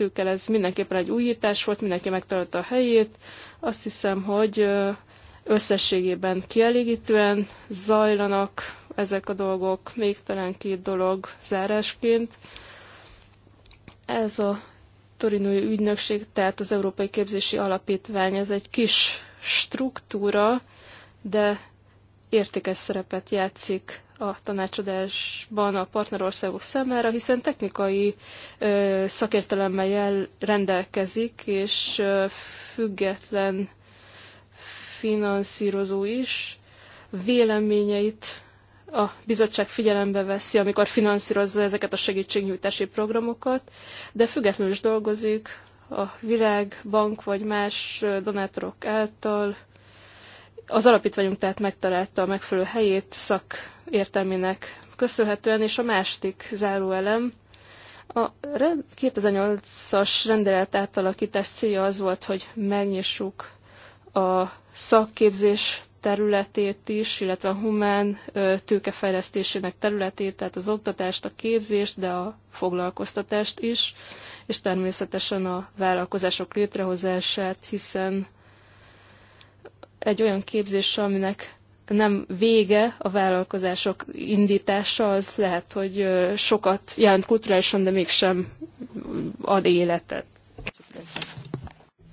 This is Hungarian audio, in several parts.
kezdtük el, ez mindenképpen egy újítás volt, mindenki megtalálta a helyét. Azt hiszem, hogy összességében kielégítően zajlanak ezek a dolgok, még talán két dolog zárásként. Ez a Torinói Ügynökség, tehát az Európai Képzési Alapítvány, ez egy kis struktúra, de értékes szerepet játszik a tanácsadásban a partnerországok számára, hiszen technikai ö, szakértelemmel jel, rendelkezik, és ö, független finanszírozó is véleményeit a bizottság figyelembe veszi, amikor finanszírozza ezeket a segítségnyújtási programokat, de függetlenül is dolgozik a Világbank vagy más donátorok által az alapítványunk tehát megtalálta a megfelelő helyét szakértelmének köszönhetően, és a másik záróelem, a 2008-as rendelet átalakítás célja az volt, hogy megnyissuk a szakképzés területét is, illetve a humán tőkefejlesztésének területét, tehát az oktatást, a képzést, de a foglalkoztatást is, és természetesen a vállalkozások létrehozását, hiszen egy olyan képzés, aminek nem vége a vállalkozások indítása, az lehet, hogy sokat jelent kulturálisan, de mégsem ad életet.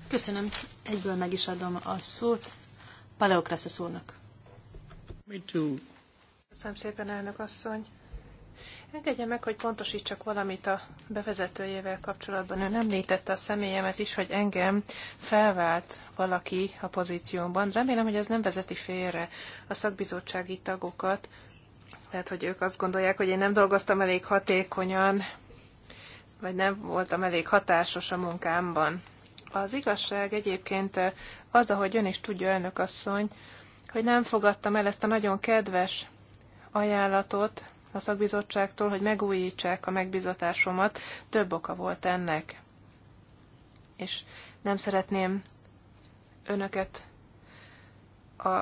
Köszönöm. Egyből meg is adom a szót Paleokrasz úrnak. Me too. Köszönöm szépen, elnök asszony. Engedje meg, hogy pontosítsak valamit a bevezetőjével kapcsolatban. Ön említette a személyemet is, hogy engem felvált valaki a pozíciómban. Remélem, hogy ez nem vezeti félre a szakbizottsági tagokat. Lehet, hogy ők azt gondolják, hogy én nem dolgoztam elég hatékonyan, vagy nem voltam elég hatásos a munkámban. Az igazság egyébként az, ahogy ön is tudja, elnök asszony, hogy nem fogadtam el ezt a nagyon kedves ajánlatot, a szakbizottságtól, hogy megújítsák a megbizatásomat. Több oka volt ennek. És nem szeretném önöket a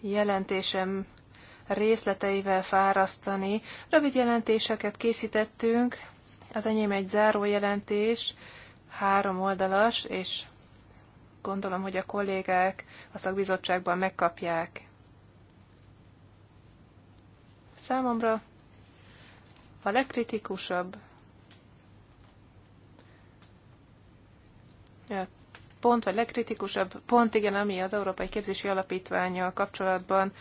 jelentésem részleteivel fárasztani. Rövid jelentéseket készítettünk, az enyém egy záró jelentés, három oldalas, és gondolom, hogy a kollégák a szakbizottságban megkapják. Számomra a legkritikusabb pont, vagy legkritikusabb pont, igen, ami az Európai Képzési Alapítványjal kapcsolatban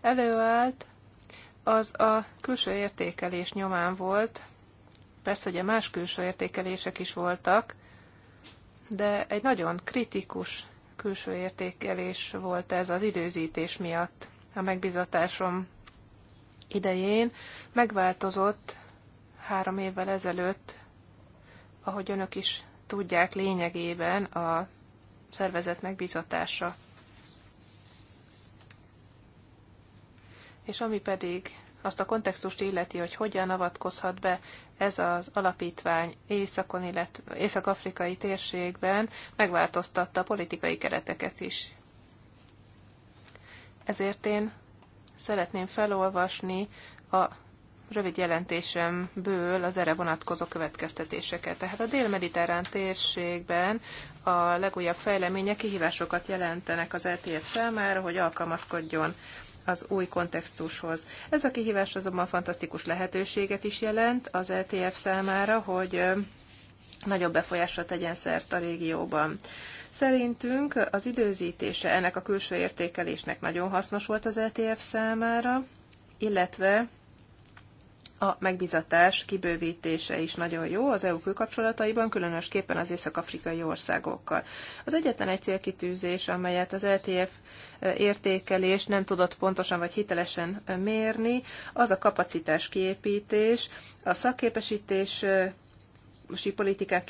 előállt, az a külső értékelés nyomán volt. Persze ugye más külső értékelések is voltak, de egy nagyon kritikus külső értékelés volt ez az időzítés miatt a megbizatásom idején megváltozott három évvel ezelőtt, ahogy önök is tudják lényegében a szervezet megbizatása. És ami pedig azt a kontextust illeti, hogy hogyan avatkozhat be ez az alapítvány északon, illetve észak-afrikai térségben, megváltoztatta a politikai kereteket is. Ezért én szeretném felolvasni a rövid jelentésemből az erre vonatkozó következtetéseket. Tehát a dél-mediterrán térségben a legújabb fejlemények kihívásokat jelentenek az ETF számára, hogy alkalmazkodjon az új kontextushoz. Ez a kihívás azonban fantasztikus lehetőséget is jelent az ETF számára, hogy nagyobb befolyásra tegyen szert a régióban. Szerintünk az időzítése ennek a külső értékelésnek nagyon hasznos volt az ETF számára, illetve a megbizatás kibővítése is nagyon jó az EU külkapcsolataiban, különösképpen az észak-afrikai országokkal. Az egyetlen egy célkitűzés, amelyet az LTF e értékelés nem tudott pontosan vagy hitelesen mérni, az a kapacitás kiépítés, a szakképesítés si politikák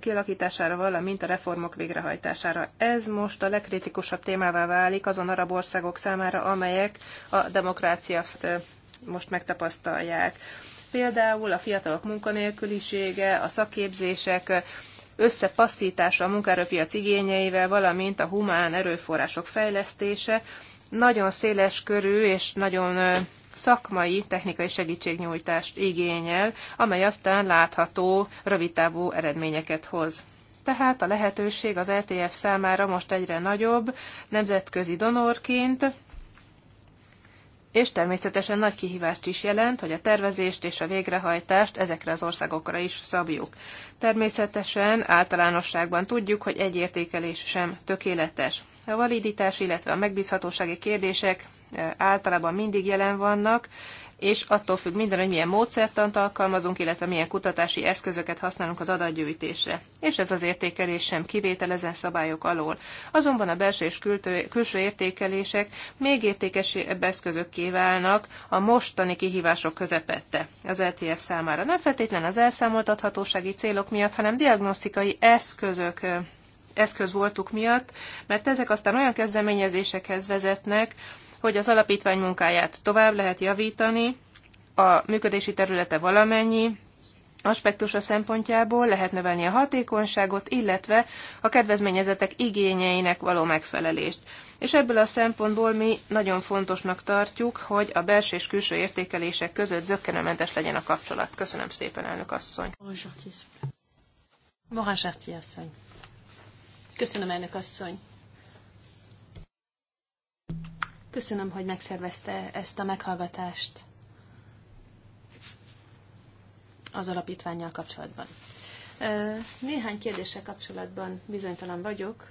kialakítására, valamint a reformok végrehajtására. Ez most a legkritikusabb témává válik azon arab országok számára, amelyek a demokráciát most megtapasztalják. Például a fiatalok munkanélkülisége, a szakképzések összepasszítása a munkaerőpiac igényeivel, valamint a humán erőforrások fejlesztése, nagyon széles körű és nagyon szakmai, technikai segítségnyújtást igényel, amely aztán látható, rövidtávú eredményeket hoz. Tehát a lehetőség az LTF e számára most egyre nagyobb, nemzetközi donorként, és természetesen nagy kihívást is jelent, hogy a tervezést és a végrehajtást ezekre az országokra is szabjuk. Természetesen általánosságban tudjuk, hogy egy értékelés sem tökéletes. A validitás, illetve a megbízhatósági kérdések e, általában mindig jelen vannak, és attól függ minden, hogy milyen módszertant alkalmazunk, illetve milyen kutatási eszközöket használunk az adatgyűjtésre. És ez az értékelés sem kivétel ezen szabályok alól. Azonban a belső és kültő, külső értékelések még értékesebb eszközökké válnak a mostani kihívások közepette az LTF számára. Nem feltétlen az elszámoltathatósági célok miatt, hanem diagnosztikai eszközök e, eszköz voltuk miatt, mert ezek aztán olyan kezdeményezésekhez vezetnek, hogy az alapítvány munkáját tovább lehet javítani, a működési területe valamennyi, aspektusa szempontjából lehet növelni a hatékonyságot, illetve a kedvezményezetek igényeinek való megfelelést. És ebből a szempontból mi nagyon fontosnak tartjuk, hogy a belső és külső értékelések között zöggenőmentes legyen a kapcsolat. Köszönöm szépen, elnök asszony. Morán asszony. Köszönöm, elnök asszony. Köszönöm, hogy megszervezte ezt a meghallgatást az alapítványjal kapcsolatban. Néhány kérdéssel kapcsolatban bizonytalan vagyok.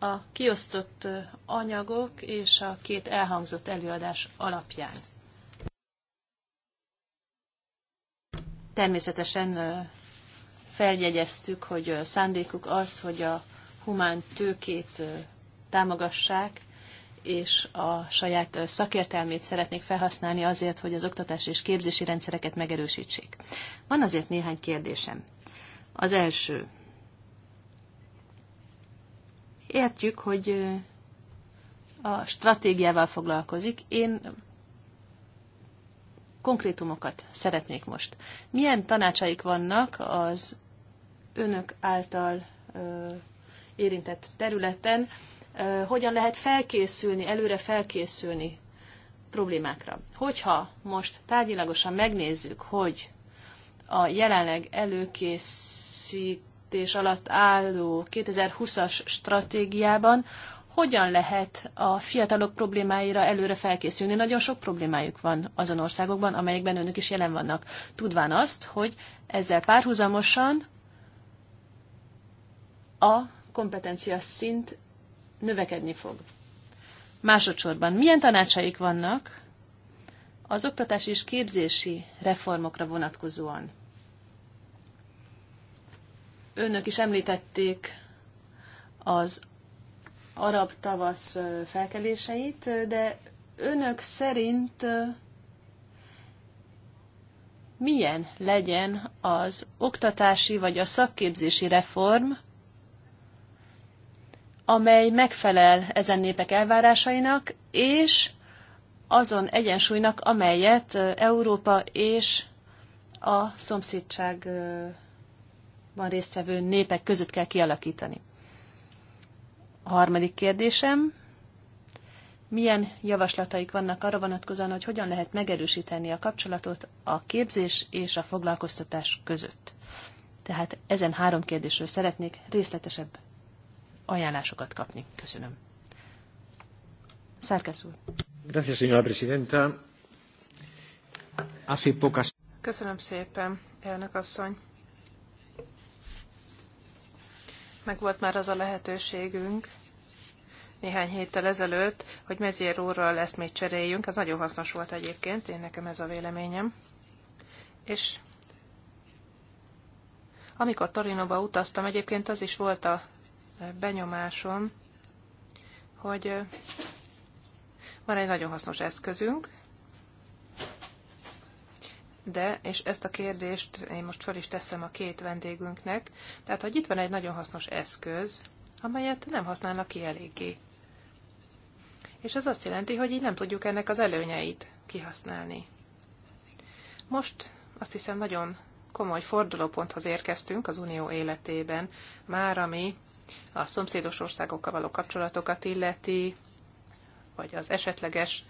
A kiosztott anyagok és a két elhangzott előadás alapján. Természetesen feljegyeztük, hogy szándékuk az, hogy a humán tőkét támogassák, és a saját szakértelmét szeretnék felhasználni azért, hogy az oktatási és képzési rendszereket megerősítsék. Van azért néhány kérdésem. Az első. Értjük, hogy a stratégiával foglalkozik. Én konkrétumokat szeretnék most. Milyen tanácsaik vannak az önök által érintett területen, hogyan lehet felkészülni, előre felkészülni problémákra. Hogyha most tárgyilagosan megnézzük, hogy a jelenleg előkészítés alatt álló 2020-as stratégiában hogyan lehet a fiatalok problémáira előre felkészülni. Nagyon sok problémájuk van azon országokban, amelyekben önök is jelen vannak. Tudván azt, hogy ezzel párhuzamosan a kompetencia szint növekedni fog. Másodszorban, milyen tanácsaik vannak az oktatási és képzési reformokra vonatkozóan? Önök is említették az arab tavasz felkeléseit, de önök szerint milyen legyen az oktatási vagy a szakképzési reform, amely megfelel ezen népek elvárásainak, és azon egyensúlynak, amelyet Európa és a szomszédságban résztvevő népek között kell kialakítani. A harmadik kérdésem, milyen javaslataik vannak arra vonatkozóan, hogy hogyan lehet megerősíteni a kapcsolatot a képzés és a foglalkoztatás között? Tehát ezen három kérdésről szeretnék részletesebb ajánlásokat kapni. Köszönöm. Szárkász úr. Gracias, señora presidenta. Hace pocas... Köszönöm szépen, elnök asszony. Meg volt már az a lehetőségünk, néhány héttel ezelőtt, hogy Mezier úrral ezt még cseréljünk. Ez nagyon hasznos volt egyébként, én nekem ez a véleményem. És amikor Torinóba utaztam, egyébként az is volt a benyomásom, hogy van egy nagyon hasznos eszközünk, de, és ezt a kérdést én most fel is teszem a két vendégünknek, tehát, hogy itt van egy nagyon hasznos eszköz, amelyet nem használnak ki eléggé. És ez azt jelenti, hogy így nem tudjuk ennek az előnyeit kihasználni. Most azt hiszem nagyon komoly fordulóponthoz érkeztünk az unió életében, már ami a szomszédos országokkal való kapcsolatokat illeti, vagy az esetleges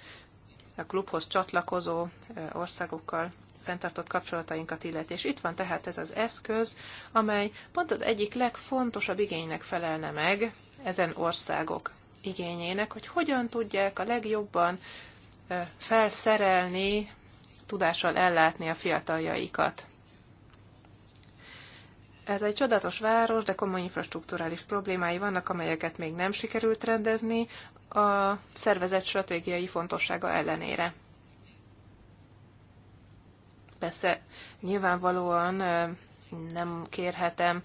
a klubhoz csatlakozó országokkal fenntartott kapcsolatainkat illeti. És itt van tehát ez az eszköz, amely pont az egyik legfontosabb igénynek felelne meg ezen országok igényének, hogy hogyan tudják a legjobban felszerelni, tudással ellátni a fiataljaikat. Ez egy csodatos város, de komoly infrastruktúrális problémái vannak, amelyeket még nem sikerült rendezni a szervezet stratégiai fontossága ellenére. Persze nyilvánvalóan nem kérhetem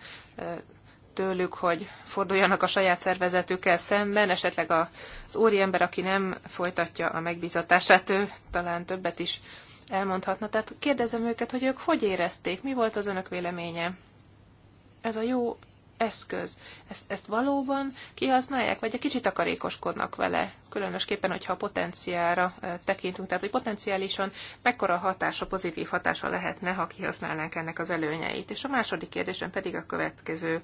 tőlük, hogy forduljanak a saját szervezetükkel szemben, esetleg az ember, aki nem folytatja a megbizatását, ő talán többet is elmondhatna. Tehát kérdezem őket, hogy ők hogy érezték, mi volt az önök véleménye ez a jó eszköz. Ezt, ezt valóban kihasználják, vagy egy kicsit takarékoskodnak vele, különösképpen, hogyha a potenciára tekintünk, tehát hogy potenciálisan mekkora hatása, pozitív hatása lehetne, ha kihasználnánk ennek az előnyeit. És a második kérdésem pedig a következő.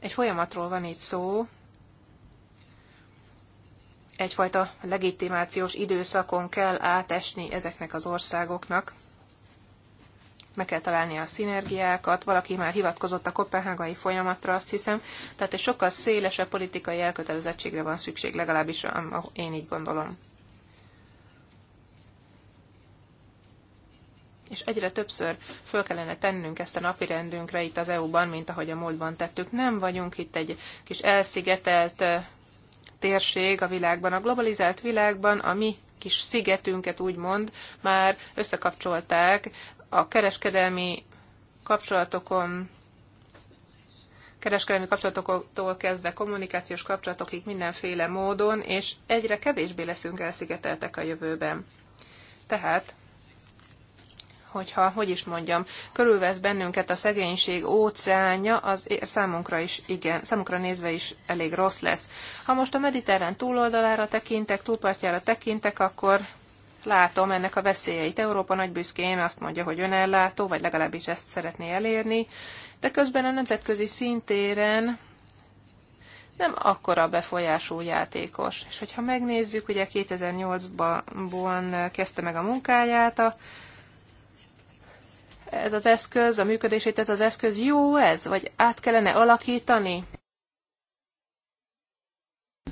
Egy folyamatról van itt szó, egyfajta legitimációs időszakon kell átesni ezeknek az országoknak, meg kell találni a szinergiákat, valaki már hivatkozott a kopenhágai folyamatra, azt hiszem, tehát egy sokkal szélesebb politikai elkötelezettségre van szükség, legalábbis én így gondolom. És egyre többször föl kellene tennünk ezt a napi rendünkre itt az EU-ban, mint ahogy a múltban tettük. Nem vagyunk itt egy kis elszigetelt térség a világban, a globalizált világban, a mi kis szigetünket úgymond már összekapcsolták a kereskedelmi kapcsolatokon kereskedelmi kapcsolatoktól kezdve kommunikációs kapcsolatokig mindenféle módon, és egyre kevésbé leszünk elszigeteltek a jövőben. Tehát, hogyha, hogy is mondjam, körülvesz bennünket a szegénység óceánja, az számunkra is igen, számunkra nézve is elég rossz lesz. Ha most a mediterrán túloldalára tekintek, túlpartjára tekintek, akkor látom ennek a veszélyeit. Európa nagy büszkén azt mondja, hogy önellátó, vagy legalábbis ezt szeretné elérni, de közben a nemzetközi szintéren nem akkora befolyású játékos. És hogyha megnézzük, ugye 2008-ban kezdte meg a munkáját a ez az eszköz, a működését ez az eszköz jó ez, vagy át kellene alakítani?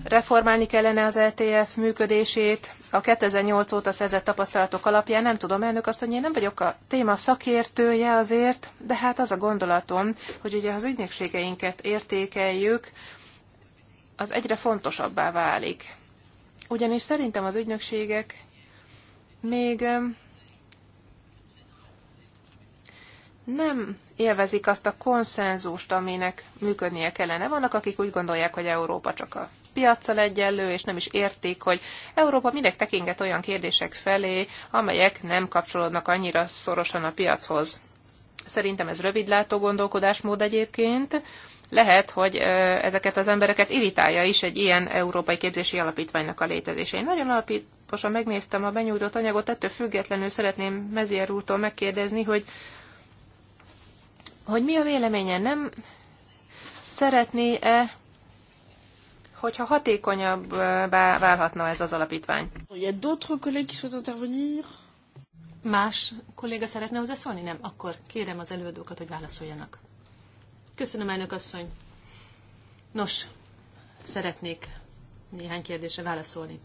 Reformálni kellene az LTF e működését. A 2008 óta szerzett tapasztalatok alapján nem tudom, elnök azt, hogy én nem vagyok a téma szakértője azért, de hát az a gondolatom, hogy ugye az ügynökségeinket értékeljük, az egyre fontosabbá válik. Ugyanis szerintem az ügynökségek még nem élvezik azt a konszenzust, aminek működnie kellene. Vannak, akik úgy gondolják, hogy Európa csak a piaccal egyenlő, és nem is értik, hogy Európa minek tekinget olyan kérdések felé, amelyek nem kapcsolódnak annyira szorosan a piachoz. Szerintem ez rövidlátó gondolkodásmód egyébként. Lehet, hogy ezeket az embereket irítálja is egy ilyen európai képzési alapítványnak a létezése. Én nagyon alaposan megnéztem a benyújtott anyagot, ettől függetlenül szeretném Mezier úrtól megkérdezni, hogy, hogy mi a véleménye, nem szeretné-e hogyha hatékonyabb válhatna ez az alapítvány. Más kolléga szeretne hozzászólni? Nem? Akkor kérem az előadókat, hogy válaszoljanak. Köszönöm, elnök asszony. Nos, szeretnék néhány kérdésre válaszolni.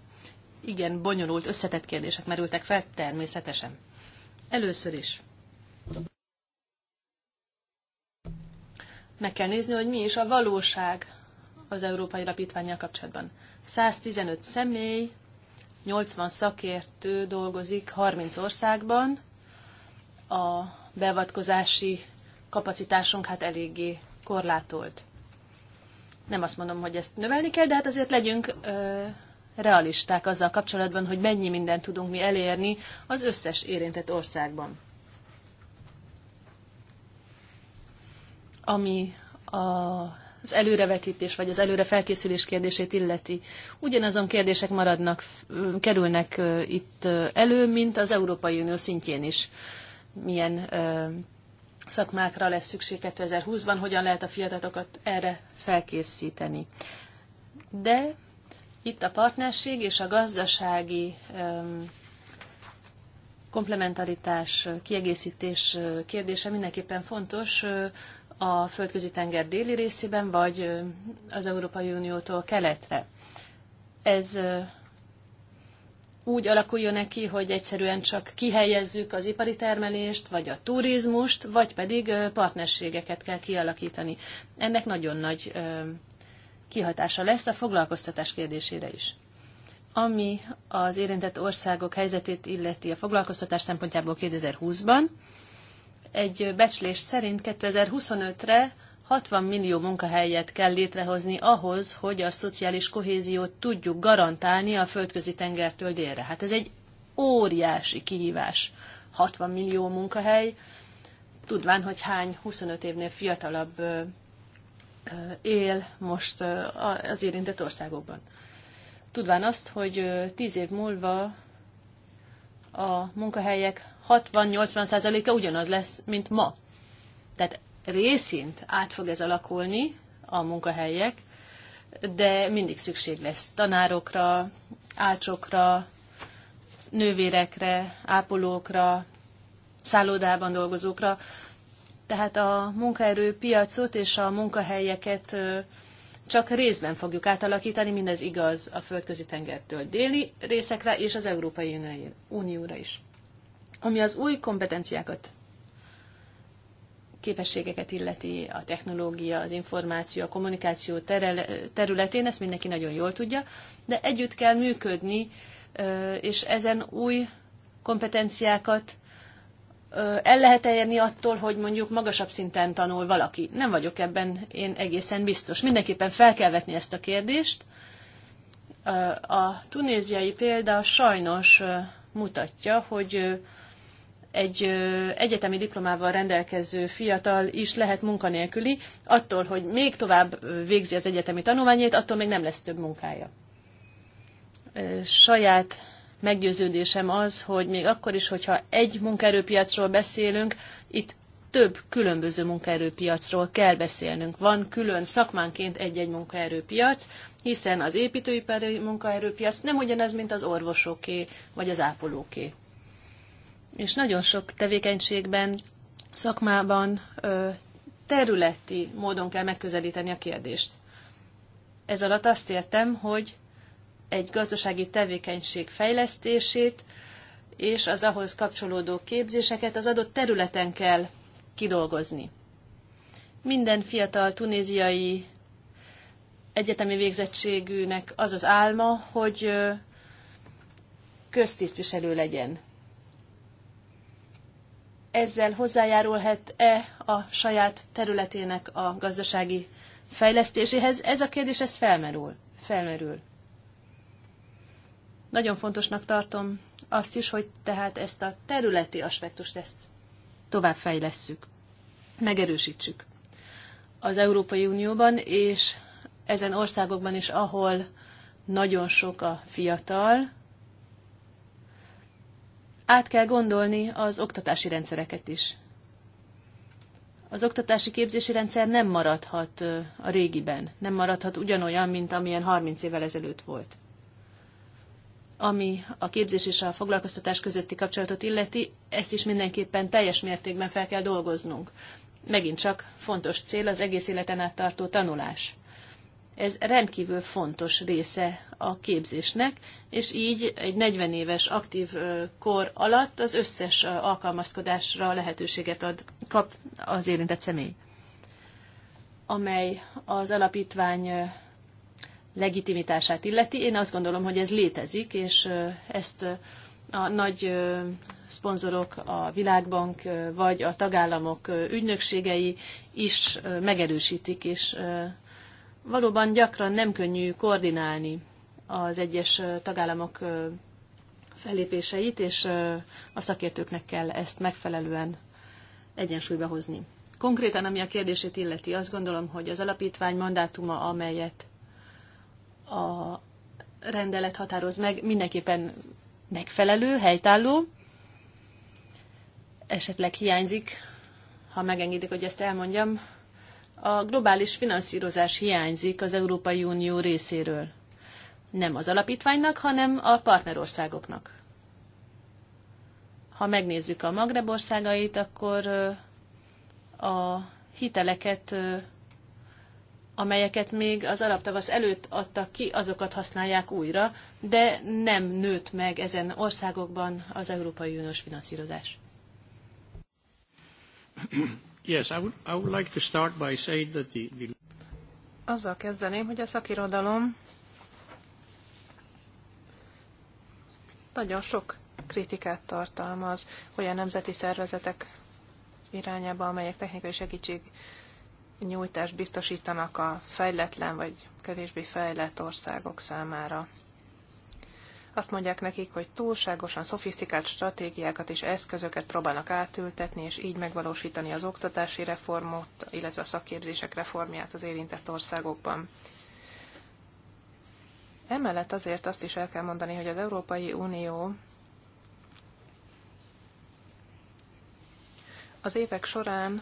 Igen, bonyolult, összetett kérdések merültek fel, természetesen. Először is. Meg kell nézni, hogy mi is a valóság az Európai Alapítványjal kapcsolatban. 115 személy, 80 szakértő dolgozik 30 országban. A beavatkozási kapacitásunk hát eléggé korlátolt. Nem azt mondom, hogy ezt növelni kell, de hát azért legyünk ö, realisták azzal kapcsolatban, hogy mennyi mindent tudunk mi elérni az összes érintett országban. Ami a az előrevetítés vagy az előre felkészülés kérdését illeti. Ugyanazon kérdések maradnak, kerülnek itt elő, mint az Európai Unió szintjén is. Milyen szakmákra lesz szükség 2020-ban, hogyan lehet a fiatalokat erre felkészíteni. De itt a partnerség és a gazdasági komplementaritás, kiegészítés kérdése mindenképpen fontos a földközi tenger déli részében, vagy az Európai Uniótól keletre. Ez úgy alakuljon neki, hogy egyszerűen csak kihelyezzük az ipari termelést, vagy a turizmust, vagy pedig partnerségeket kell kialakítani. Ennek nagyon nagy kihatása lesz a foglalkoztatás kérdésére is. Ami az érintett országok helyzetét illeti a foglalkoztatás szempontjából 2020-ban, egy becslés szerint 2025-re 60 millió munkahelyet kell létrehozni ahhoz, hogy a szociális kohéziót tudjuk garantálni a földközi tengertől délre. Hát ez egy óriási kihívás. 60 millió munkahely, tudván, hogy hány 25 évnél fiatalabb él most az érintett országokban. Tudván azt, hogy 10 év múlva a munkahelyek 60-80%-a ugyanaz lesz, mint ma. Tehát részint át fog ez alakulni a munkahelyek, de mindig szükség lesz tanárokra, ácsokra, nővérekre, ápolókra, szállodában dolgozókra. Tehát a munkaerőpiacot és a munkahelyeket csak részben fogjuk átalakítani, mindez igaz a földközi tengertől déli részekre és az Európai Unióra is. Ami az új kompetenciákat, képességeket illeti, a technológia, az információ, a kommunikáció területén, ezt mindenki nagyon jól tudja, de együtt kell működni, és ezen új kompetenciákat el lehet elérni attól, hogy mondjuk magasabb szinten tanul valaki. Nem vagyok ebben én egészen biztos. Mindenképpen fel kell vetni ezt a kérdést. A tunéziai példa sajnos mutatja, hogy egy egyetemi diplomával rendelkező fiatal is lehet munkanélküli, attól, hogy még tovább végzi az egyetemi tanulmányait, attól még nem lesz több munkája. Saját meggyőződésem az, hogy még akkor is, hogyha egy munkaerőpiacról beszélünk, itt több különböző munkaerőpiacról kell beszélnünk. Van külön szakmánként egy-egy munkaerőpiac, hiszen az építőipari munkaerőpiac nem ugyanaz, mint az orvosoké vagy az ápolóké. És nagyon sok tevékenységben, szakmában területi módon kell megközelíteni a kérdést. Ez alatt azt értem, hogy egy gazdasági tevékenység fejlesztését és az ahhoz kapcsolódó képzéseket az adott területen kell kidolgozni. Minden fiatal tunéziai egyetemi végzettségűnek az az álma, hogy köztisztviselő legyen. Ezzel hozzájárulhat-e a saját területének a gazdasági fejlesztéséhez? Ez a kérdés ez felmerül. felmerül. Nagyon fontosnak tartom azt is, hogy tehát ezt a területi aspektust ezt fejlesszük, megerősítsük az Európai Unióban, és ezen országokban is, ahol nagyon sok a fiatal, át kell gondolni az oktatási rendszereket is. Az oktatási képzési rendszer nem maradhat a régiben, nem maradhat ugyanolyan, mint amilyen 30 évvel ezelőtt volt ami a képzés és a foglalkoztatás közötti kapcsolatot illeti, ezt is mindenképpen teljes mértékben fel kell dolgoznunk. Megint csak fontos cél az egész életen át tartó tanulás. Ez rendkívül fontos része a képzésnek, és így egy 40 éves aktív kor alatt az összes alkalmazkodásra lehetőséget ad, kap az érintett személy, amely az alapítvány legitimitását illeti. Én azt gondolom, hogy ez létezik, és ezt a nagy szponzorok, a Világbank vagy a tagállamok ügynökségei is megerősítik, és valóban gyakran nem könnyű koordinálni az egyes tagállamok fellépéseit, és a szakértőknek kell ezt megfelelően egyensúlyba hozni. Konkrétan, ami a kérdését illeti, azt gondolom, hogy az alapítvány mandátuma, amelyet a rendelet határoz meg, mindenképpen megfelelő, helytálló, esetleg hiányzik, ha megengedik, hogy ezt elmondjam, a globális finanszírozás hiányzik az Európai Unió részéről. Nem az alapítványnak, hanem a partnerországoknak. Ha megnézzük a Magreb országait, akkor a hiteleket amelyeket még az alaptavasz előtt adtak ki, azokat használják újra, de nem nőtt meg ezen országokban az Európai Uniós finanszírozás. Yes, I would, I would like to start by saying that the, the... Azzal kezdeném, hogy a szakirodalom nagyon sok kritikát tartalmaz olyan nemzeti szervezetek irányába, amelyek technikai segítség nyújtást biztosítanak a fejletlen vagy kevésbé fejlett országok számára. Azt mondják nekik, hogy túlságosan szofisztikált stratégiákat és eszközöket próbálnak átültetni, és így megvalósítani az oktatási reformot, illetve a szakképzések reformját az érintett országokban. Emellett azért azt is el kell mondani, hogy az Európai Unió az évek során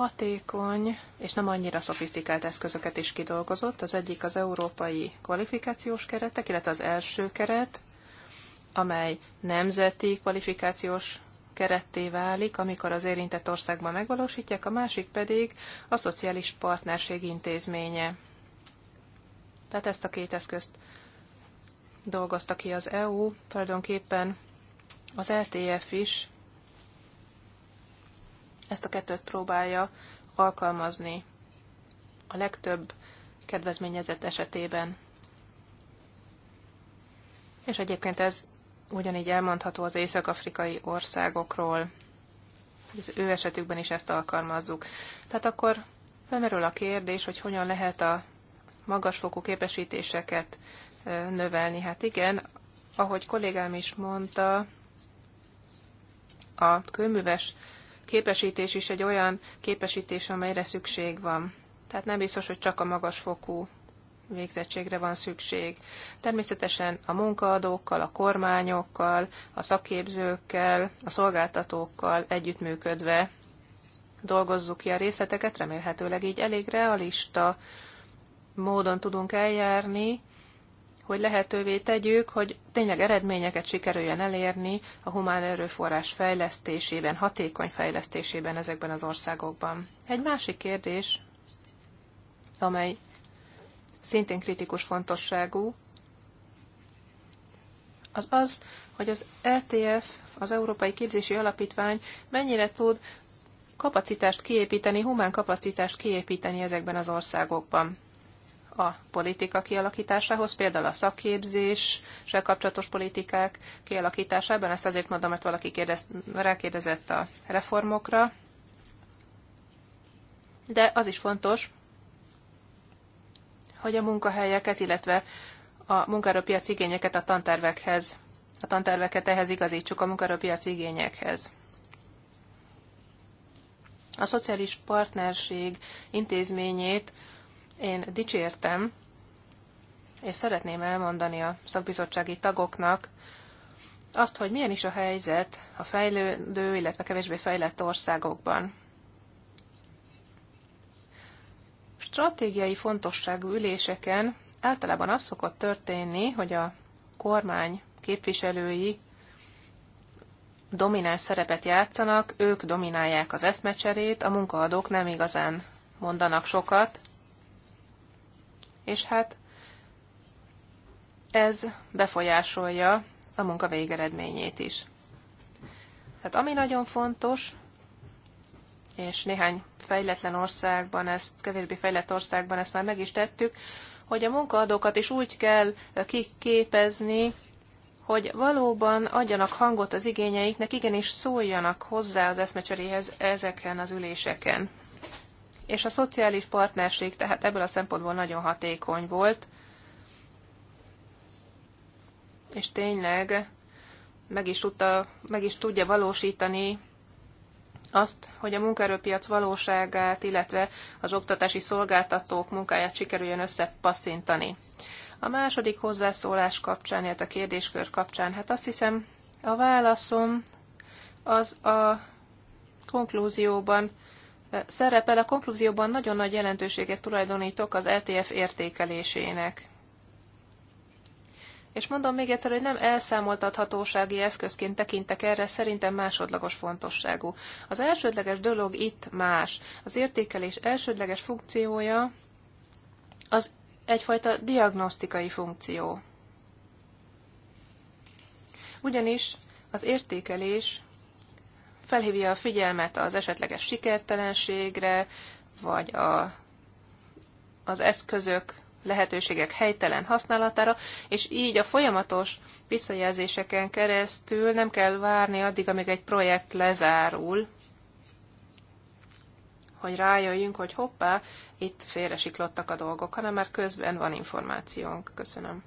hatékony és nem annyira szofisztikált eszközöket is kidolgozott. Az egyik az európai kvalifikációs keretek, illetve az első keret, amely nemzeti kvalifikációs keretté válik, amikor az érintett országban megvalósítják, a másik pedig a szociális partnerség intézménye. Tehát ezt a két eszközt dolgozta ki az EU, tulajdonképpen az LTF e is ezt a kettőt próbálja alkalmazni a legtöbb kedvezményezett esetében. És egyébként ez ugyanígy elmondható az észak-afrikai országokról. Az ő esetükben is ezt alkalmazzuk. Tehát akkor felmerül a kérdés, hogy hogyan lehet a magasfokú képesítéseket növelni. Hát igen, ahogy kollégám is mondta, a kőműves képesítés is egy olyan képesítés, amelyre szükség van. Tehát nem biztos, hogy csak a magasfokú végzettségre van szükség. Természetesen a munkaadókkal, a kormányokkal, a szakképzőkkel, a szolgáltatókkal együttműködve dolgozzuk ki a részleteket, remélhetőleg így elég realista módon tudunk eljárni, hogy lehetővé tegyük, hogy tényleg eredményeket sikerüljen elérni a humán erőforrás fejlesztésében, hatékony fejlesztésében ezekben az országokban. Egy másik kérdés, amely szintén kritikus fontosságú, az az, hogy az ETF, az Európai Képzési Alapítvány mennyire tud kapacitást kiépíteni, humán kapacitást kiépíteni ezekben az országokban a politika kialakításához, például a szakképzéssel kapcsolatos politikák kialakításában. Ezt azért mondom, mert valaki kérdez, rákérdezett a reformokra. De az is fontos, hogy a munkahelyeket, illetve a munkaerőpiac igényeket a tantervekhez, a tanterveket ehhez igazítsuk a munkaerőpiac igényekhez. A szociális partnerség intézményét én dicsértem, és szeretném elmondani a szakbizottsági tagoknak azt, hogy milyen is a helyzet a fejlődő, illetve kevésbé fejlett országokban. Stratégiai fontosságú üléseken általában az szokott történni, hogy a kormány képviselői domináns szerepet játszanak, ők dominálják az eszmecserét, a munkaadók nem igazán mondanak sokat, és hát ez befolyásolja a munka végeredményét is. Tehát ami nagyon fontos, és néhány fejletlen országban ezt, kevésbé fejlett országban ezt már meg is tettük, hogy a munkaadókat is úgy kell kiképezni, hogy valóban adjanak hangot az igényeiknek, igenis szóljanak hozzá az eszmecseréhez ezeken az üléseken és a szociális partnerség tehát ebből a szempontból nagyon hatékony volt, és tényleg meg is, tudta, meg is tudja valósítani azt, hogy a munkaerőpiac valóságát, illetve az oktatási szolgáltatók munkáját sikerüljön összepasszintani. A második hozzászólás kapcsán, illetve a kérdéskör kapcsán, hát azt hiszem a válaszom az a konklúzióban szerepel, a konklúzióban nagyon nagy jelentőséget tulajdonítok az ETF értékelésének. És mondom még egyszer, hogy nem elszámoltathatósági eszközként tekintek erre, szerintem másodlagos fontosságú. Az elsődleges dolog itt más. Az értékelés elsődleges funkciója az egyfajta diagnosztikai funkció. Ugyanis az értékelés felhívja a figyelmet az esetleges sikertelenségre, vagy a, az eszközök lehetőségek helytelen használatára, és így a folyamatos visszajelzéseken keresztül nem kell várni addig, amíg egy projekt lezárul, hogy rájöjjünk, hogy hoppá, itt félresiklottak a dolgok, hanem már közben van információnk. Köszönöm.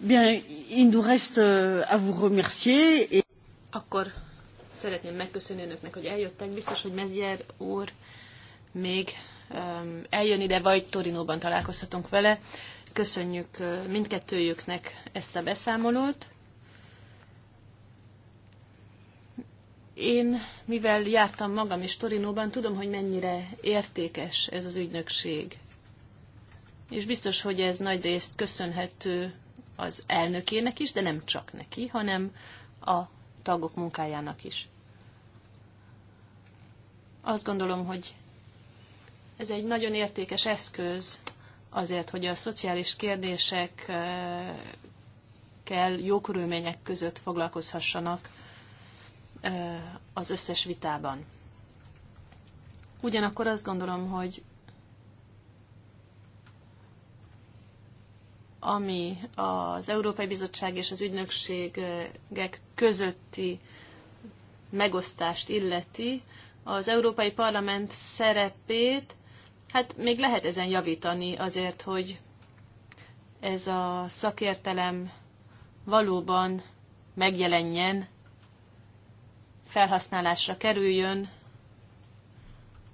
Bien, il nous reste euh, à vous remercier. Et... Akkor szeretném megköszönni önöknek, hogy eljöttek. Biztos, hogy Mezier úr még eljön ide, vagy Torinóban találkozhatunk vele. Köszönjük mindkettőjüknek ezt a beszámolót. Én, mivel jártam magam is Torinóban, tudom, hogy mennyire értékes ez az ügynökség. És biztos, hogy ez nagy részt köszönhető az elnökének is, de nem csak neki, hanem a tagok munkájának is. Azt gondolom, hogy ez egy nagyon értékes eszköz azért, hogy a szociális kérdésekkel jó körülmények között foglalkozhassanak az összes vitában. Ugyanakkor azt gondolom, hogy ami az Európai Bizottság és az ügynökségek közötti megosztást illeti, az Európai Parlament szerepét, hát még lehet ezen javítani azért, hogy ez a szakértelem valóban megjelenjen, felhasználásra kerüljön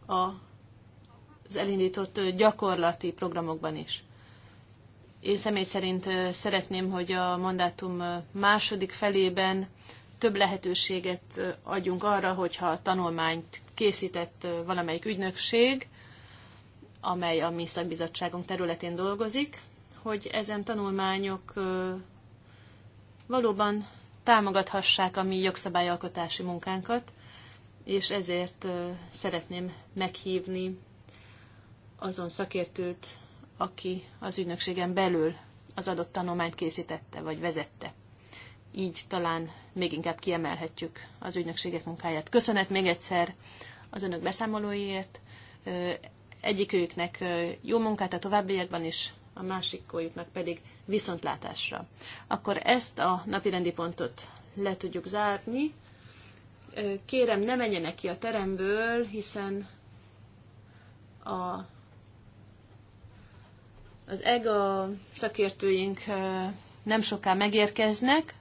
az elindított gyakorlati programokban is. Én személy szerint szeretném, hogy a mandátum második felében több lehetőséget adjunk arra, hogyha tanulmányt készített valamelyik ügynökség, amely a mi szakbizottságunk területén dolgozik, hogy ezen tanulmányok valóban támogathassák a mi jogszabályalkotási munkánkat, és ezért szeretném meghívni azon szakértőt, aki az ügynökségen belül az adott tanulmányt készítette vagy vezette. Így talán még inkább kiemelhetjük az ügynökségek munkáját. Köszönet még egyszer az önök beszámolóiért. Egyikőjüknek jó munkát a továbbiakban is, a másikójuknak pedig viszontlátásra. Akkor ezt a napirendi pontot le tudjuk zárni. Kérem, ne menjenek ki a teremből, hiszen a az EGA szakértőink nem soká megérkeznek,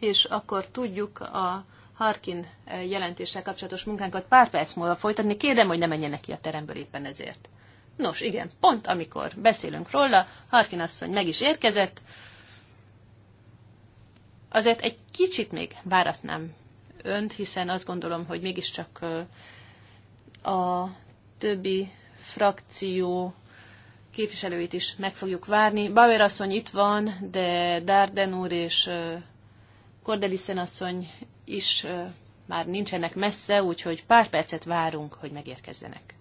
és akkor tudjuk a Harkin jelentéssel kapcsolatos munkánkat pár perc múlva folytatni. Kérem, hogy ne menjenek ki a teremből éppen ezért. Nos, igen, pont amikor beszélünk róla, Harkin asszony meg is érkezett, azért egy kicsit még váratnám önt, hiszen azt gondolom, hogy mégiscsak a többi frakció képviselőit is meg fogjuk várni. Bauer asszony itt van, de Darden úr és Kordelisen asszony is már nincsenek messze, úgyhogy pár percet várunk, hogy megérkezzenek.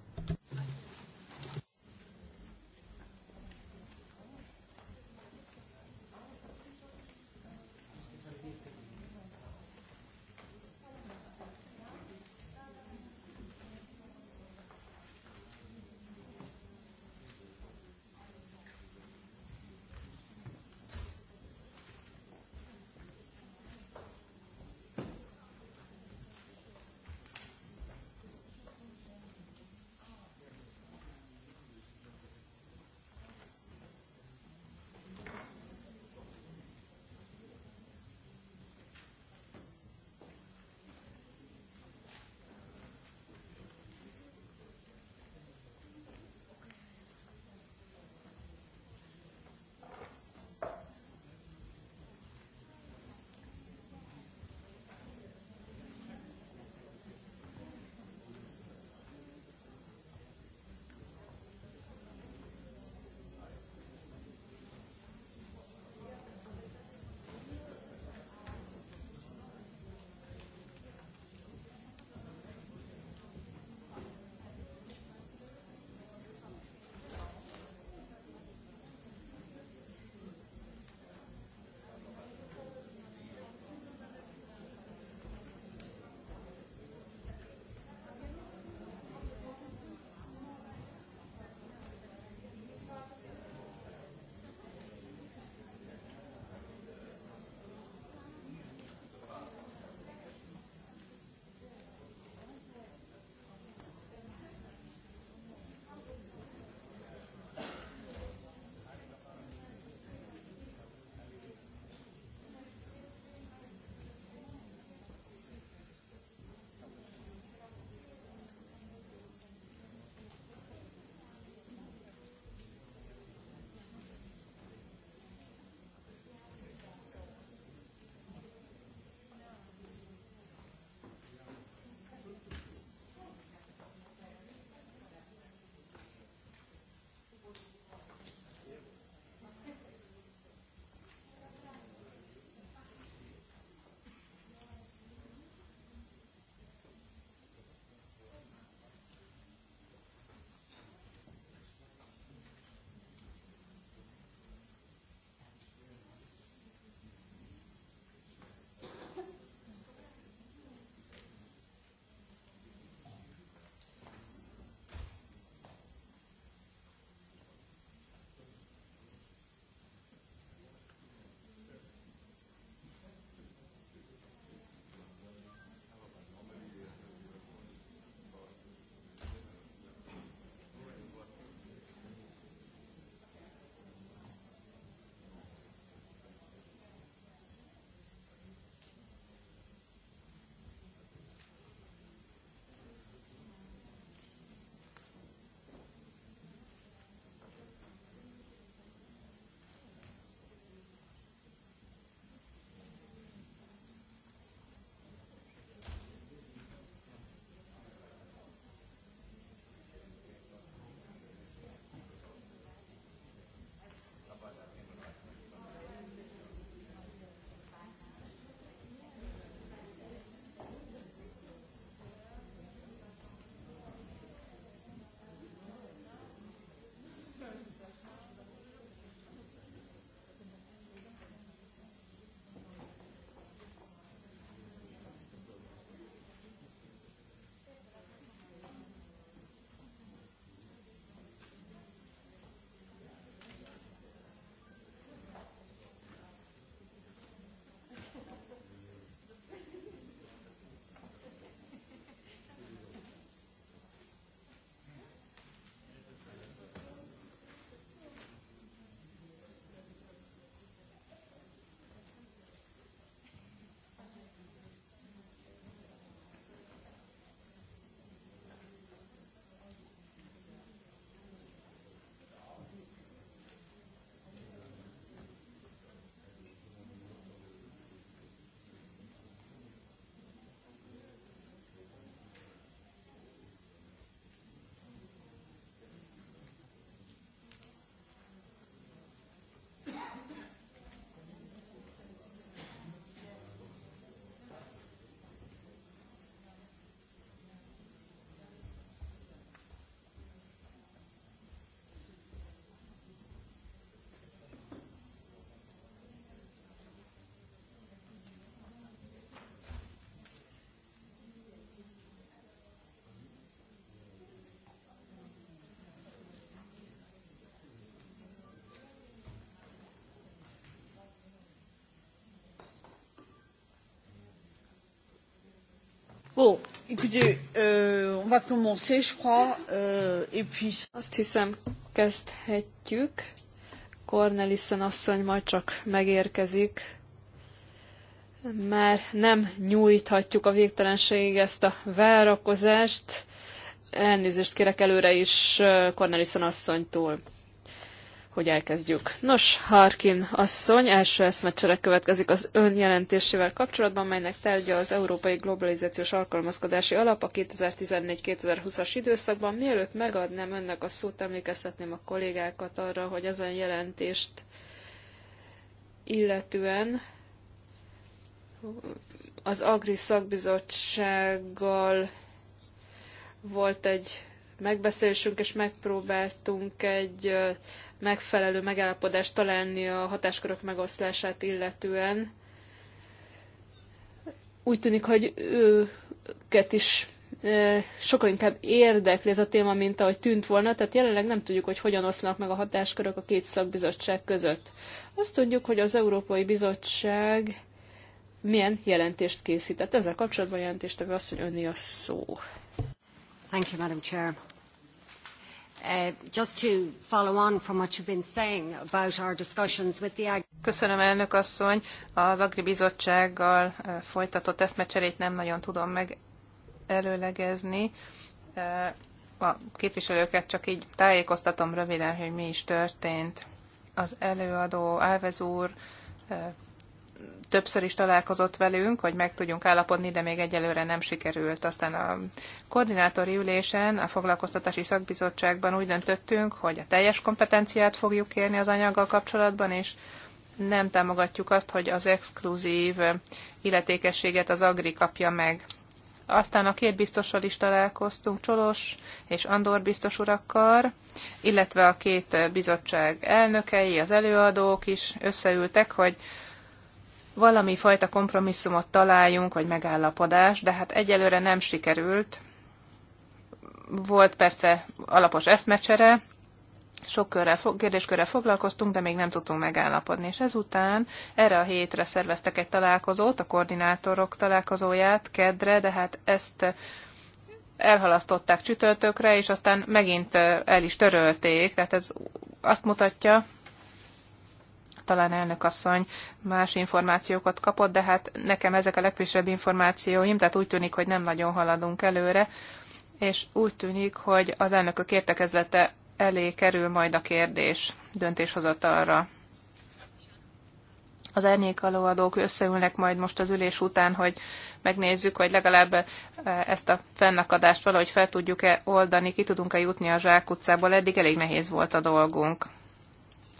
Bon, écoutez, euh, on va commencer, je crois, euh, et puis... Azt hiszem, kezdhetjük. Cornelissen asszony majd csak megérkezik. Már nem nyújthatjuk a végtelenségig ezt a várakozást. Elnézést kérek előre is Cornelissen asszonytól hogy elkezdjük. Nos, Harkin asszony első eszmecsere következik az ön jelentésével kapcsolatban, melynek tárgya az Európai Globalizációs Alkalmazkodási Alap a 2014-2020-as időszakban. Mielőtt megadnám önnek a szót, emlékeztetném a kollégákat arra, hogy ezen jelentést illetően az Agri Szakbizottsággal volt egy megbeszélésünk, és megpróbáltunk egy megfelelő megállapodást találni a hatáskörök megoszlását illetően. Úgy tűnik, hogy őket is sokkal inkább érdekli ez a téma, mint ahogy tűnt volna, tehát jelenleg nem tudjuk, hogy hogyan oszlanak meg a hatáskörök a két szakbizottság között. Azt tudjuk, hogy az Európai Bizottság milyen jelentést készített. Ezzel kapcsolatban azt, hogy önni a szó. Thank you, Madam Chair. Uh, just to follow on from what you've been saying about our discussions with the Ag Köszönöm, elnök asszony. Az Agri Bizottsággal uh, folytatott eszmecserét nem nagyon tudom meg előlegezni. Uh, a képviselőket csak így tájékoztatom röviden, hogy mi is történt. Az előadó Álvez úr többször is találkozott velünk, hogy meg tudjunk állapodni, de még egyelőre nem sikerült. Aztán a koordinátori ülésen, a foglalkoztatási szakbizottságban úgy döntöttünk, hogy a teljes kompetenciát fogjuk kérni az anyaggal kapcsolatban, és nem támogatjuk azt, hogy az exkluzív illetékességet az Agri kapja meg. Aztán a két biztossal is találkoztunk, Csolos és Andor biztos urakkal, illetve a két bizottság elnökei, az előadók is összeültek, hogy valami fajta kompromisszumot találjunk, vagy megállapodás, de hát egyelőre nem sikerült. Volt persze alapos eszmecsere, sok körrel, kérdéskörrel foglalkoztunk, de még nem tudtunk megállapodni. És ezután erre a hétre szerveztek egy találkozót, a koordinátorok találkozóját, kedre, de hát ezt elhalasztották csütörtökre, és aztán megint el is törölték, tehát ez azt mutatja, talán elnökasszony más információkat kapott, de hát nekem ezek a legfrissebb információim, tehát úgy tűnik, hogy nem nagyon haladunk előre, és úgy tűnik, hogy az elnökök értekezlete elé kerül majd a kérdés arra. Az árnyékalóadók összeülnek majd most az ülés után, hogy megnézzük, hogy legalább eh, ezt a fennakadást valahogy fel tudjuk-e oldani, ki tudunk-e jutni a zsákutcából. Eddig elég nehéz volt a dolgunk.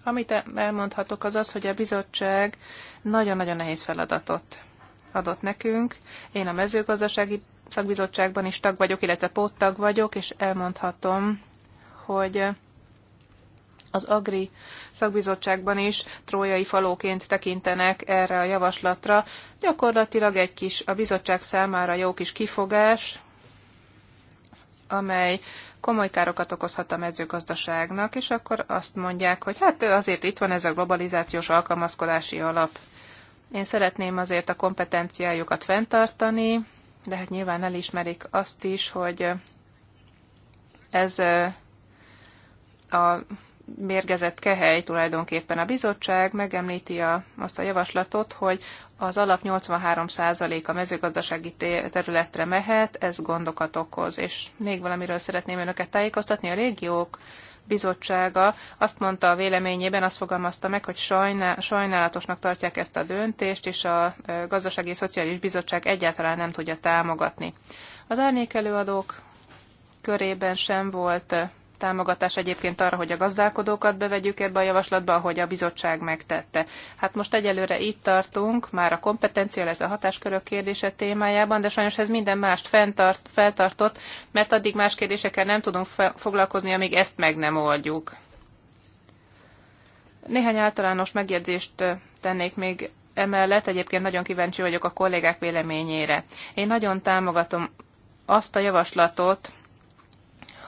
Amit elmondhatok az az, hogy a bizottság nagyon-nagyon nehéz feladatot adott nekünk. Én a mezőgazdasági szakbizottságban is tag vagyok, illetve póttag vagyok, és elmondhatom, hogy az Agri szakbizottságban is trójai falóként tekintenek erre a javaslatra. Gyakorlatilag egy kis a bizottság számára jó kis kifogás, amely komoly károkat okozhat a mezőgazdaságnak, és akkor azt mondják, hogy hát azért itt van ez a globalizációs alkalmazkodási alap. Én szeretném azért a kompetenciájukat fenntartani, de hát nyilván elismerik azt is, hogy ez a mérgezett kehely tulajdonképpen. A bizottság megemlíti a, azt a javaslatot, hogy az alap 83% a mezőgazdasági területre mehet, ez gondokat okoz. És még valamiről szeretném önöket tájékoztatni, a régiók bizottsága azt mondta a véleményében, azt fogalmazta meg, hogy sajnál, sajnálatosnak tartják ezt a döntést, és a Gazdasági és Szociális Bizottság egyáltalán nem tudja támogatni. Az árnyékelőadók előadók körében sem volt támogatás egyébként arra, hogy a gazdálkodókat bevegyük ebbe a javaslatba, ahogy a bizottság megtette. Hát most egyelőre itt tartunk, már a kompetencia, illetve a hatáskörök kérdése témájában, de sajnos ez minden mást fenntart, feltartott, mert addig más kérdésekkel nem tudunk foglalkozni, amíg ezt meg nem oldjuk. Néhány általános megjegyzést tennék még emellett, egyébként nagyon kíváncsi vagyok a kollégák véleményére. Én nagyon támogatom azt a javaslatot,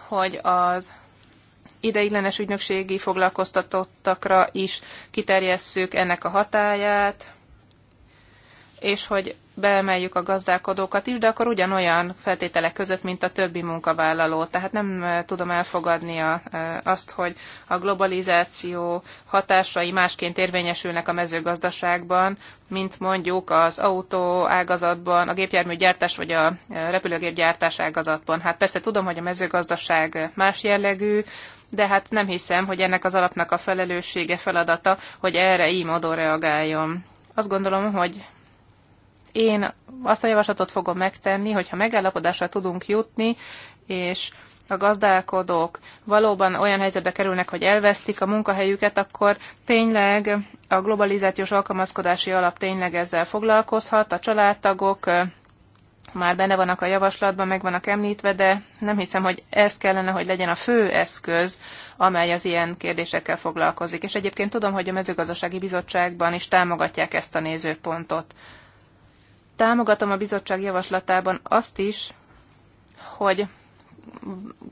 hogy az ideiglenes ügynökségi foglalkoztatottakra is kiterjesszük ennek a hatáját, és hogy beemeljük a gazdálkodókat is, de akkor ugyanolyan feltételek között, mint a többi munkavállaló. Tehát nem eh, tudom elfogadni a, eh, azt, hogy a globalizáció hatásai másként érvényesülnek a mezőgazdaságban, mint mondjuk az autó ágazatban, a gépjárműgyártás vagy a eh, repülőgépgyártás ágazatban. Hát persze tudom, hogy a mezőgazdaság más jellegű, de hát nem hiszem, hogy ennek az alapnak a felelőssége, feladata, hogy erre így módon reagáljon. Azt gondolom, hogy én azt a javaslatot fogom megtenni, hogyha megállapodásra tudunk jutni, és a gazdálkodók valóban olyan helyzetbe kerülnek, hogy elvesztik a munkahelyüket, akkor tényleg a globalizációs alkalmazkodási alap tényleg ezzel foglalkozhat, a családtagok már benne vannak a javaslatban, meg vannak említve, de nem hiszem, hogy ez kellene, hogy legyen a fő eszköz, amely az ilyen kérdésekkel foglalkozik. És egyébként tudom, hogy a mezőgazdasági bizottságban is támogatják ezt a nézőpontot. Támogatom a bizottság javaslatában azt is, hogy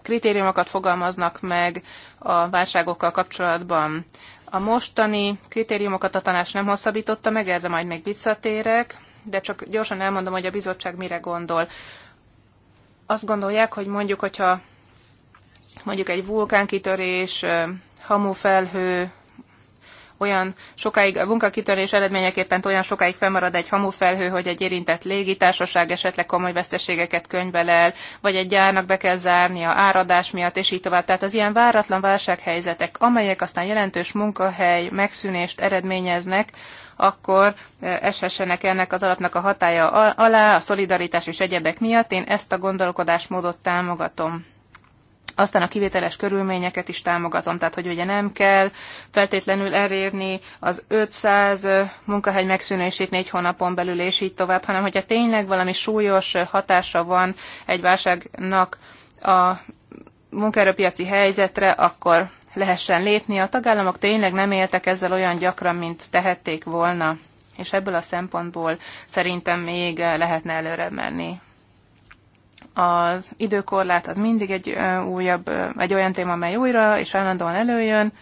kritériumokat fogalmaznak meg a válságokkal kapcsolatban. A mostani kritériumokat a tanács nem hosszabbította meg, erre majd még visszatérek, de csak gyorsan elmondom, hogy a bizottság mire gondol. Azt gondolják, hogy mondjuk, hogyha mondjuk egy vulkánkitörés, hamufelhő, olyan sokáig, a munkakitörés eredményeképpen olyan sokáig fennmarad egy hamufelhő, hogy egy érintett légitársaság esetleg komoly veszteségeket könyvel el, vagy egy gyárnak be kell zárnia áradás miatt, és így tovább. Tehát az ilyen váratlan válsághelyzetek, amelyek aztán jelentős munkahely megszűnést eredményeznek, akkor eh, eshessenek ennek az alapnak a hatája alá, a szolidaritás és egyebek miatt. Én ezt a gondolkodásmódot támogatom. Aztán a kivételes körülményeket is támogatom, tehát hogy ugye nem kell feltétlenül elérni az 500 eh, munkahely megszűnését négy hónapon belül, és így tovább, hanem hogyha tényleg valami súlyos eh, hatása van egy válságnak a munkaerőpiaci helyzetre, akkor lehessen lépni. A tagállamok tényleg nem éltek ezzel olyan gyakran, mint tehették volna, és ebből a szempontból szerintem még lehetne előre menni. Az időkorlát az mindig egy újabb, egy olyan téma, amely újra és állandóan előjön,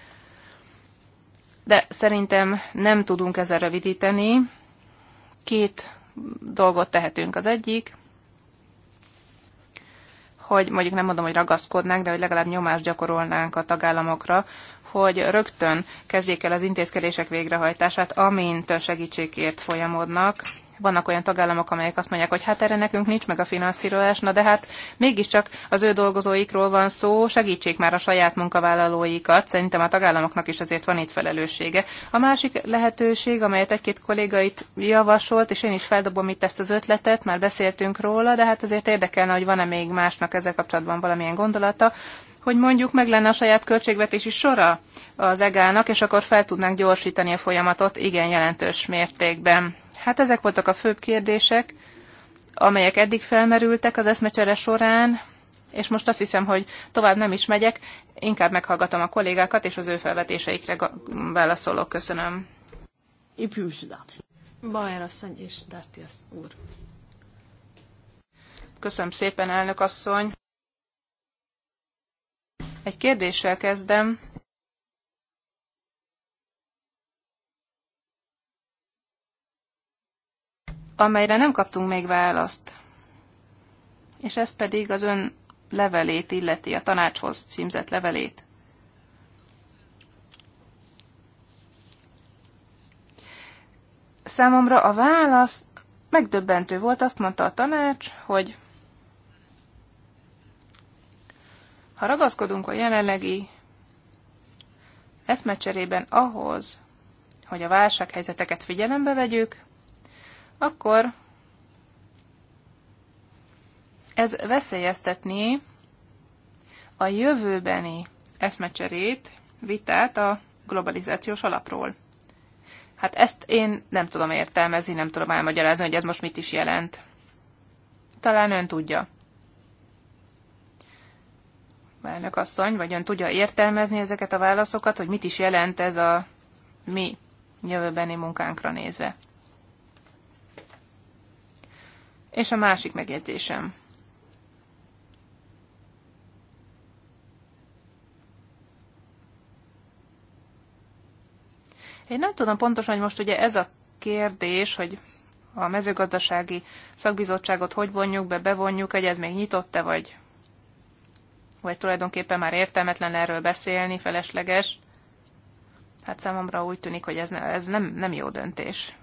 de szerintem nem tudunk ezzel rövidíteni. Két dolgot tehetünk. Az egyik, hogy mondjuk nem mondom, hogy ragaszkodnánk, de hogy legalább nyomást gyakorolnánk a tagállamokra, hogy rögtön kezdjék el az intézkedések végrehajtását, amint segítségért folyamodnak, vannak olyan tagállamok, amelyek azt mondják, hogy hát erre nekünk nincs meg a finanszírozás, na de hát mégiscsak az ő dolgozóikról van szó, segítsék már a saját munkavállalóikat, szerintem a tagállamoknak is azért van itt felelőssége. A másik lehetőség, amelyet egy-két kollégait javasolt, és én is feldobom itt ezt az ötletet, már beszéltünk róla, de hát azért érdekelne, hogy van-e még másnak ezzel kapcsolatban valamilyen gondolata, hogy mondjuk meg lenne a saját költségvetési sora az egának, és akkor fel tudnánk gyorsítani a folyamatot igen jelentős mértékben. Hát ezek voltak a főbb kérdések, amelyek eddig felmerültek az eszmecsere során, és most azt hiszem, hogy tovább nem is megyek, inkább meghallgatom a kollégákat, és az ő felvetéseikre válaszolok. Köszönöm. Bajer asszony és Dártiasz úr. Köszönöm szépen, elnök asszony. Egy kérdéssel kezdem, amelyre nem kaptunk még választ. És ez pedig az ön levelét illeti, a tanácshoz címzett levelét. Számomra a válasz megdöbbentő volt, azt mondta a tanács, hogy ha ragaszkodunk a jelenlegi eszmecserében ahhoz, hogy a válsághelyzeteket figyelembe vegyük, akkor ez veszélyeztetné a jövőbeni eszmecserét, vitát a globalizációs alapról. Hát ezt én nem tudom értelmezni, nem tudom elmagyarázni, hogy ez most mit is jelent. Talán ön tudja. Elnök asszony, vagy ön tudja értelmezni ezeket a válaszokat, hogy mit is jelent ez a mi jövőbeni munkánkra nézve. És a másik megjegyzésem. Én nem tudom pontosan, hogy most ugye ez a kérdés, hogy a mezőgazdasági szakbizottságot hogy vonjuk be, bevonjuk, hogy ez még nyitott-e, vagy, vagy tulajdonképpen már értelmetlen erről beszélni, felesleges. Hát számomra úgy tűnik, hogy ez, ne, ez nem, nem jó döntés.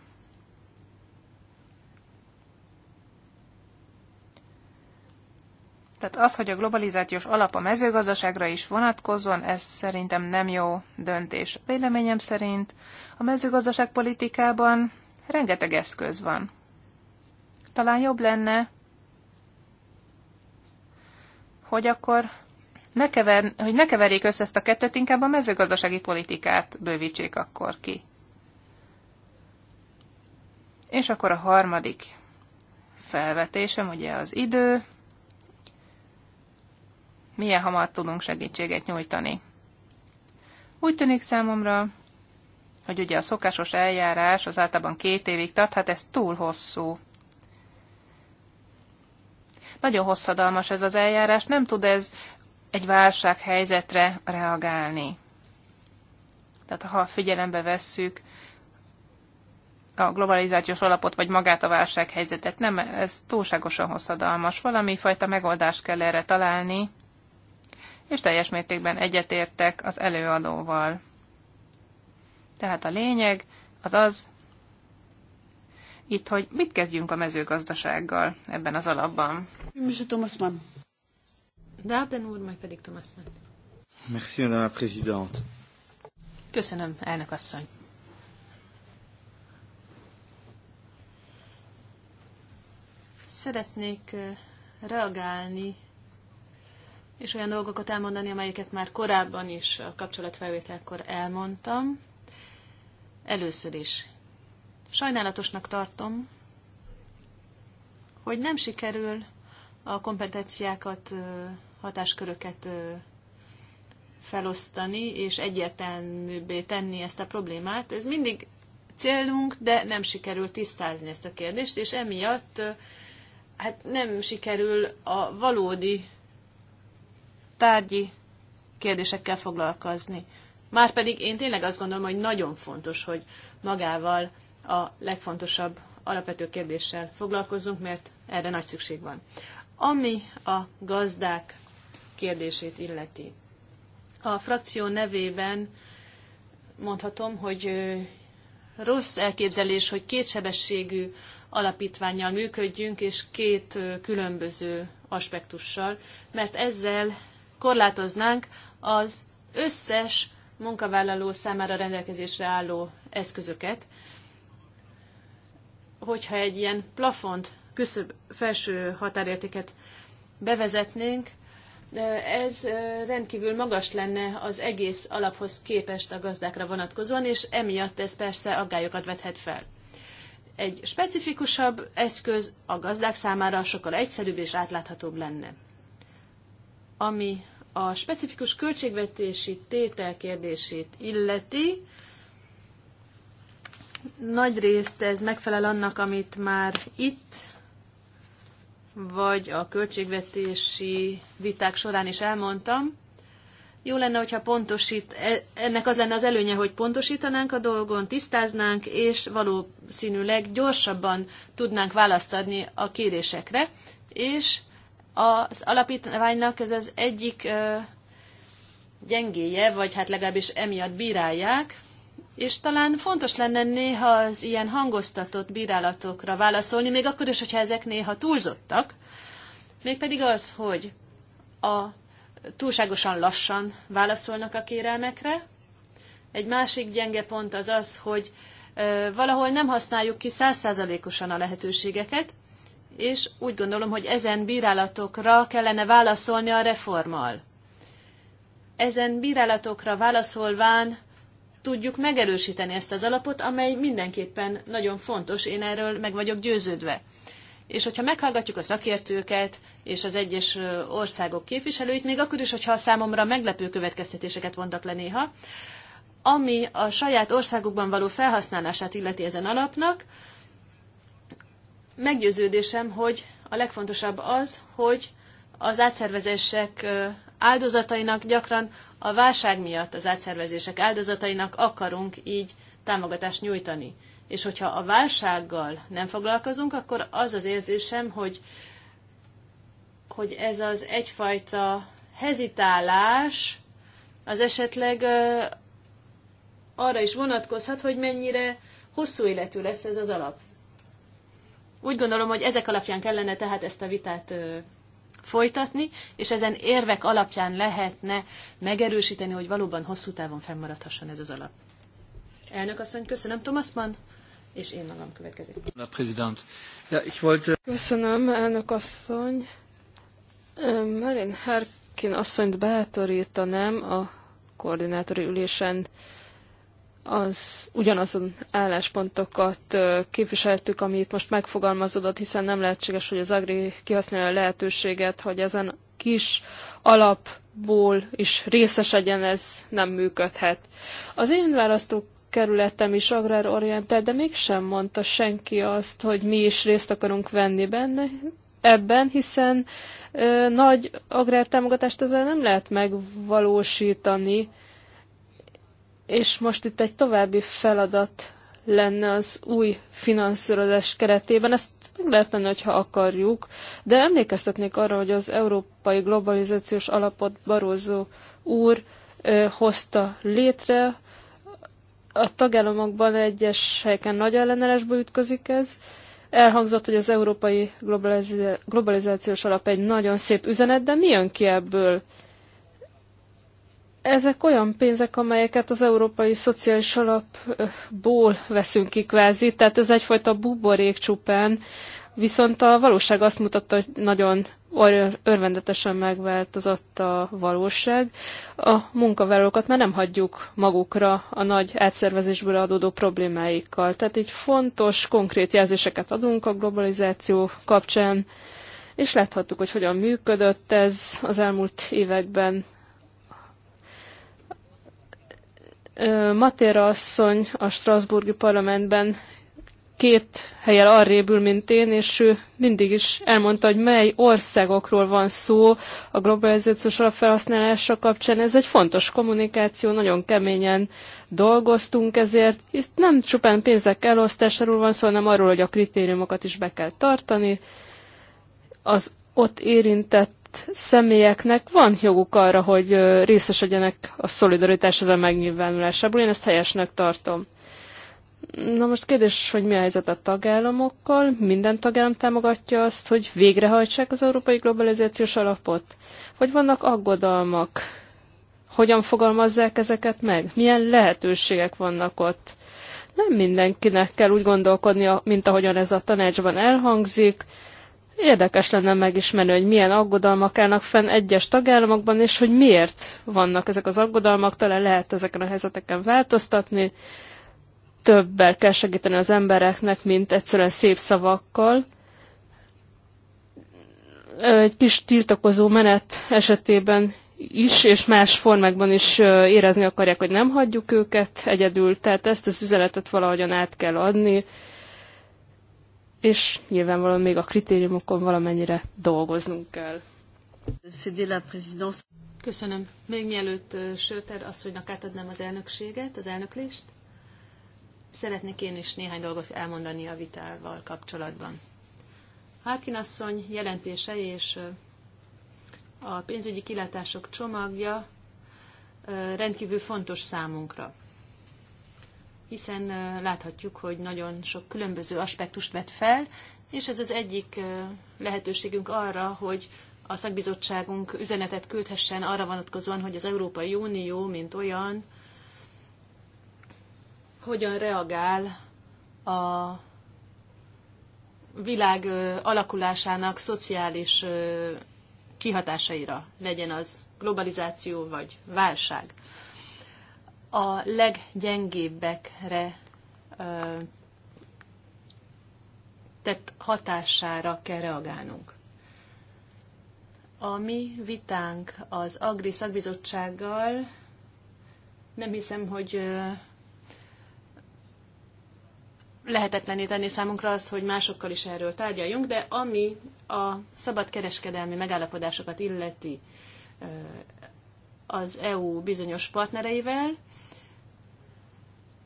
Tehát az, hogy a globalizációs alap a mezőgazdaságra is vonatkozzon, ez szerintem nem jó döntés. Véleményem szerint a mezőgazdaságpolitikában rengeteg eszköz van. Talán jobb lenne, hogy akkor ne kever, hogy ne keverjék össze ezt a kettőt, inkább a mezőgazdasági politikát bővítsék akkor ki. És akkor a harmadik felvetésem, ugye az idő, milyen hamar tudunk segítséget nyújtani. Úgy tűnik számomra, hogy ugye a szokásos eljárás az általában két évig tart, hát ez túl hosszú. Nagyon hosszadalmas ez az eljárás, nem tud ez egy válsághelyzetre reagálni. Tehát ha figyelembe vesszük a globalizációs alapot, vagy magát a válsághelyzetet, nem, ez túlságosan hosszadalmas. Valami fajta megoldást kell erre találni, és teljes mértékben egyetértek az előadóval. Tehát a lényeg az az, itt, hogy mit kezdjünk a mezőgazdasággal ebben az alapban. Monsieur Thomas Mann. Darden úr, majd pedig Thomas Mann. Merci, madame la présidente. Köszönöm, elnök asszony. Szeretnék reagálni és olyan dolgokat elmondani, amelyeket már korábban is a kapcsolatfelvételkor elmondtam. Először is. Sajnálatosnak tartom, hogy nem sikerül a kompetenciákat, hatásköröket felosztani, és egyértelműbbé tenni ezt a problémát. Ez mindig célunk, de nem sikerül tisztázni ezt a kérdést, és emiatt hát nem sikerül a valódi tárgyi kérdésekkel foglalkozni. Márpedig én tényleg azt gondolom, hogy nagyon fontos, hogy magával a legfontosabb alapvető kérdéssel foglalkozzunk, mert erre nagy szükség van. Ami a gazdák kérdését illeti. A frakció nevében mondhatom, hogy rossz elképzelés, hogy kétsebességű alapítványjal működjünk, és két különböző aspektussal, mert ezzel korlátoznánk az összes munkavállaló számára rendelkezésre álló eszközöket, hogyha egy ilyen plafont, küszöbb felső határértéket bevezetnénk, ez rendkívül magas lenne az egész alaphoz képest a gazdákra vonatkozóan, és emiatt ez persze aggályokat vethet fel. Egy specifikusabb eszköz a gazdák számára sokkal egyszerűbb és átláthatóbb lenne. Ami a specifikus költségvetési tétel kérdését illeti, nagy részt ez megfelel annak, amit már itt vagy a költségvetési viták során is elmondtam. Jó lenne, hogyha pontosít, e, ennek az lenne az előnye, hogy pontosítanánk a dolgon, tisztáznánk, és valószínűleg gyorsabban tudnánk választ adni a kérésekre, és az alapítványnak ez az egyik gyengéje, vagy hát legalábbis emiatt bírálják, és talán fontos lenne néha az ilyen hangoztatott bírálatokra válaszolni, még akkor is, hogyha ezek néha túlzottak, mégpedig az, hogy a túlságosan lassan válaszolnak a kérelmekre. Egy másik gyenge pont az az, hogy valahol nem használjuk ki százszázalékosan a lehetőségeket, és úgy gondolom, hogy ezen bírálatokra kellene válaszolni a reformmal. Ezen bírálatokra válaszolván tudjuk megerősíteni ezt az alapot, amely mindenképpen nagyon fontos, én erről meg vagyok győződve. És hogyha meghallgatjuk a szakértőket és az egyes országok képviselőit, még akkor is, hogyha a számomra meglepő következtetéseket vontak le néha, ami a saját országukban való felhasználását illeti ezen alapnak, meggyőződésem, hogy a legfontosabb az, hogy az átszervezések áldozatainak gyakran a válság miatt az átszervezések áldozatainak akarunk így támogatást nyújtani. És hogyha a válsággal nem foglalkozunk, akkor az az érzésem, hogy, hogy ez az egyfajta hezitálás az esetleg arra is vonatkozhat, hogy mennyire hosszú életű lesz ez az alap. Úgy gondolom, hogy ezek alapján kellene tehát ezt a vitát folytatni, és ezen érvek alapján lehetne megerősíteni, hogy valóban hosszú távon fennmaradhasson ez az alap. Elnök asszony, köszönöm, Thomas Mann, és én magam következik. Köszönöm, elnök asszony. Marin Harkin asszonyt bátorítanám a koordinátori ülésen az ugyanazon álláspontokat képviseltük, amit most megfogalmazódott, hiszen nem lehetséges, hogy az Agri kihasználja a lehetőséget, hogy ezen kis alapból is részesedjen, ez nem működhet. Az én választók kerületem is agrárorientált, de mégsem mondta senki azt, hogy mi is részt akarunk venni benne, ebben, hiszen ö, nagy agrártámogatást ezzel nem lehet megvalósítani, és most itt egy további feladat lenne az új finanszírozás keretében. Ezt meg lehet tenni, hogyha akarjuk, de emlékeztetnék arra, hogy az Európai Globalizációs Alapot Barózó úr ö, hozta létre. A tagállamokban egyes helyeken nagy ellenállásba ütközik ez. Elhangzott, hogy az Európai Globalizációs Alap egy nagyon szép üzenet, de mi jön ki ebből? Ezek olyan pénzek, amelyeket az Európai Szociális Alapból veszünk ki kvázi, tehát ez egyfajta buborék csupán, viszont a valóság azt mutatta, hogy nagyon örvendetesen megváltozott a valóság. A munkavállalókat már nem hagyjuk magukra a nagy átszervezésből adódó problémáikkal. Tehát így fontos, konkrét jelzéseket adunk a globalizáció kapcsán, és láthattuk, hogy hogyan működött ez az elmúlt években. Matéra asszony a Strasburgi parlamentben két helyen arrébb ül, mint én, és ő mindig is elmondta, hogy mely országokról van szó a globalizációs alapfelhasználása kapcsán. Ez egy fontos kommunikáció, nagyon keményen dolgoztunk ezért. Itt nem csupán pénzek elosztásáról van szó, hanem arról, hogy a kritériumokat is be kell tartani. Az ott érintett személyeknek van joguk arra, hogy részesedjenek a szolidaritás ezen megnyilvánulásából. Én ezt helyesnek tartom. Na most kérdés, hogy mi a helyzet a tagállamokkal? Minden tagállam támogatja azt, hogy végrehajtsák az európai globalizációs alapot? Vagy vannak aggodalmak? Hogyan fogalmazzák ezeket meg? Milyen lehetőségek vannak ott? Nem mindenkinek kell úgy gondolkodnia, mint ahogyan ez a tanácsban elhangzik. Érdekes lenne megismerni, hogy milyen aggodalmak állnak fenn egyes tagállamokban, és hogy miért vannak ezek az aggodalmak, talán lehet ezeken a helyzeteken változtatni, többel kell segíteni az embereknek, mint egyszerűen szép szavakkal. Egy kis tiltakozó menet esetében is, és más formákban is érezni akarják, hogy nem hagyjuk őket egyedül, tehát ezt az üzenetet valahogyan át kell adni, és nyilvánvalóan még a kritériumokon valamennyire dolgoznunk kell. Köszönöm. Még mielőtt Söter asszonynak átadnám az elnökséget, az elnöklést, szeretnék én is néhány dolgot elmondani a vitával kapcsolatban. Harkin asszony jelentése és a pénzügyi kilátások csomagja rendkívül fontos számunkra hiszen láthatjuk, hogy nagyon sok különböző aspektust vet fel, és ez az egyik lehetőségünk arra, hogy a szakbizottságunk üzenetet küldhessen arra vonatkozóan, hogy az Európai Unió, mint olyan, hogyan reagál a világ alakulásának szociális kihatásaira, legyen az globalizáció vagy válság a leggyengébbekre ö, tett hatására kell reagálnunk. A mi vitánk az Agri szakbizottsággal nem hiszem, hogy ö, lehetetlené tenni számunkra az, hogy másokkal is erről tárgyaljunk, de ami a szabadkereskedelmi megállapodásokat illeti, az EU bizonyos partnereivel,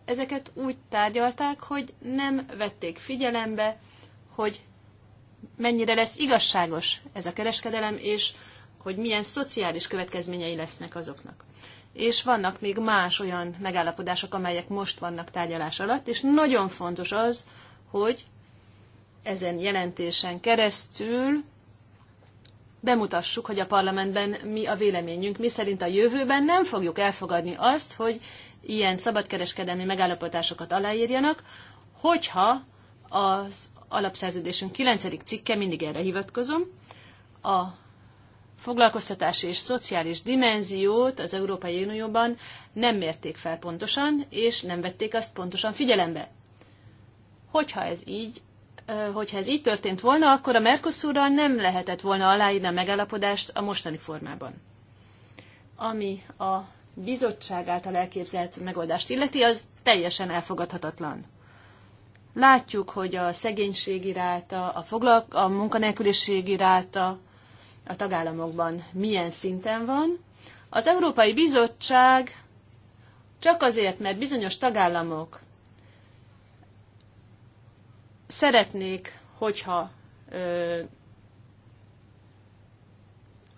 ezeket úgy tárgyalták, hogy nem vették figyelembe, hogy mennyire lesz igazságos ez a kereskedelem, és hogy milyen szociális következményei lesznek azoknak. És vannak még más olyan megállapodások, amelyek most vannak tárgyalás alatt, és nagyon fontos az, hogy ezen jelentésen keresztül bemutassuk, hogy a parlamentben mi a véleményünk, mi szerint a jövőben nem fogjuk elfogadni azt, hogy ilyen szabadkereskedelmi megállapotásokat aláírjanak, hogyha az alapszerződésünk 9. cikke, mindig erre hivatkozom, a foglalkoztatási és szociális dimenziót az Európai Unióban nem mérték fel pontosan, és nem vették azt pontosan figyelembe. Hogyha ez így, hogyha ez így történt volna, akkor a Mercosurral nem lehetett volna aláírni a megállapodást a mostani formában. Ami a bizottság által elképzelt megoldást illeti, az teljesen elfogadhatatlan. Látjuk, hogy a szegénység iráta, a, foglalk- a munkanélküliség iráta a tagállamokban milyen szinten van. Az Európai Bizottság csak azért, mert bizonyos tagállamok Szeretnék, hogyha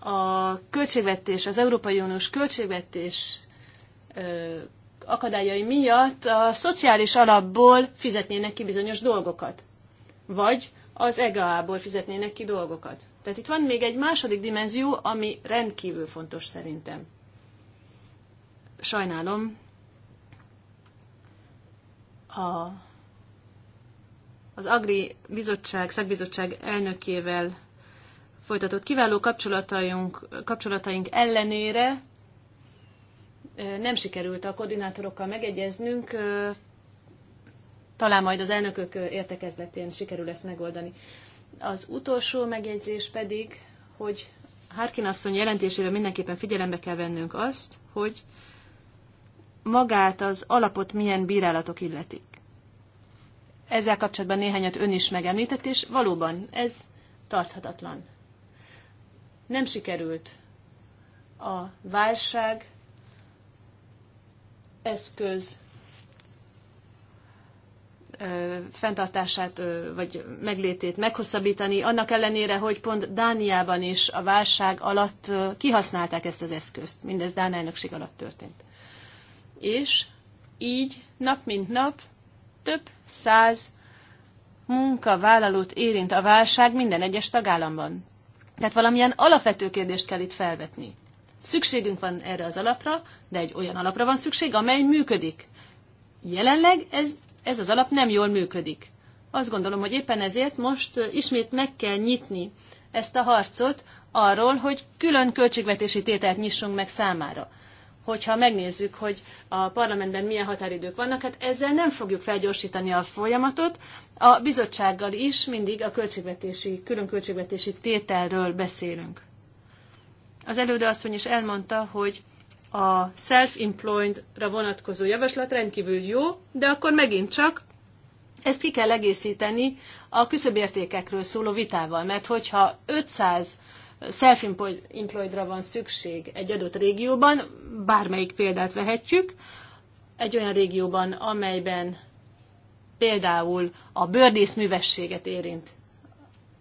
a költségvetés, az Európai Uniós költségvetés akadályai miatt a szociális alapból fizetnének ki bizonyos dolgokat. Vagy az EGA-ból fizetnének ki dolgokat. Tehát itt van még egy második dimenzió, ami rendkívül fontos szerintem. Sajnálom, a az Agri Bizottság, Szakbizottság elnökével folytatott kiváló kapcsolataink, kapcsolataink ellenére nem sikerült a koordinátorokkal megegyeznünk, talán majd az elnökök értekezletén sikerül ezt megoldani. Az utolsó megjegyzés pedig, hogy Harkin asszony jelentésében mindenképpen figyelembe kell vennünk azt, hogy magát az alapot milyen bírálatok illetik. Ezzel kapcsolatban néhányat ön is megemlített, és valóban ez tarthatatlan. Nem sikerült a válság eszköz fenntartását vagy meglétét meghosszabbítani, annak ellenére, hogy pont Dániában is a válság alatt kihasználták ezt az eszközt. Mindez Dán elnökség alatt történt. És így nap mint nap több száz munkavállalót érint a válság minden egyes tagállamban. Tehát valamilyen alapvető kérdést kell itt felvetni. Szükségünk van erre az alapra, de egy olyan alapra van szükség, amely működik. Jelenleg ez, ez az alap nem jól működik. Azt gondolom, hogy éppen ezért most ismét meg kell nyitni ezt a harcot arról, hogy külön költségvetési tételt nyissunk meg számára hogyha megnézzük, hogy a parlamentben milyen határidők vannak, hát ezzel nem fogjuk felgyorsítani a folyamatot. A bizottsággal is mindig a költségvetési, külön költségvetési tételről beszélünk. Az elődő asszony is elmondta, hogy a self-employed-ra vonatkozó javaslat rendkívül jó, de akkor megint csak ezt ki kell egészíteni a küszöbértékekről szóló vitával, mert hogyha 500 self-employedra van szükség egy adott régióban, bármelyik példát vehetjük, egy olyan régióban, amelyben például a művességet érint,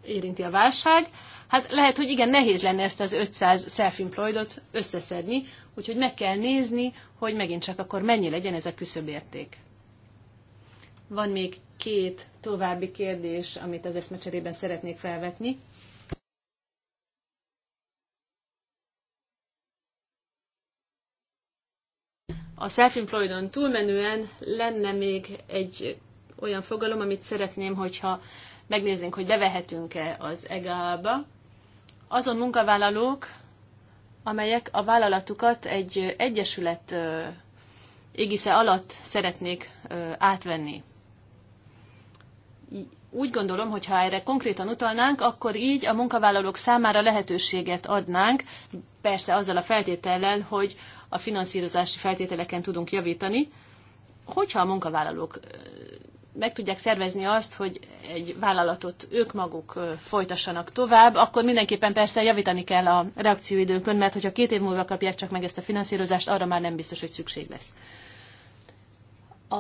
érinti a válság, hát lehet, hogy igen, nehéz lenne ezt az 500 self-employedot összeszedni, úgyhogy meg kell nézni, hogy megint csak akkor mennyi legyen ez a küszöbérték. Van még két további kérdés, amit az eszmecserében szeretnék felvetni. a self-employedon túlmenően lenne még egy olyan fogalom, amit szeretném, hogyha megnéznénk, hogy bevehetünk-e az EGA-ba. Azon munkavállalók, amelyek a vállalatukat egy egyesület égisze alatt szeretnék átvenni. Úgy gondolom, hogy ha erre konkrétan utalnánk, akkor így a munkavállalók számára lehetőséget adnánk, persze azzal a feltétellel, hogy a finanszírozási feltételeken tudunk javítani, hogyha a munkavállalók meg tudják szervezni azt, hogy egy vállalatot ők maguk folytassanak tovább, akkor mindenképpen persze javítani kell a reakcióidőkön, mert hogyha két év múlva kapják csak meg ezt a finanszírozást, arra már nem biztos, hogy szükség lesz. A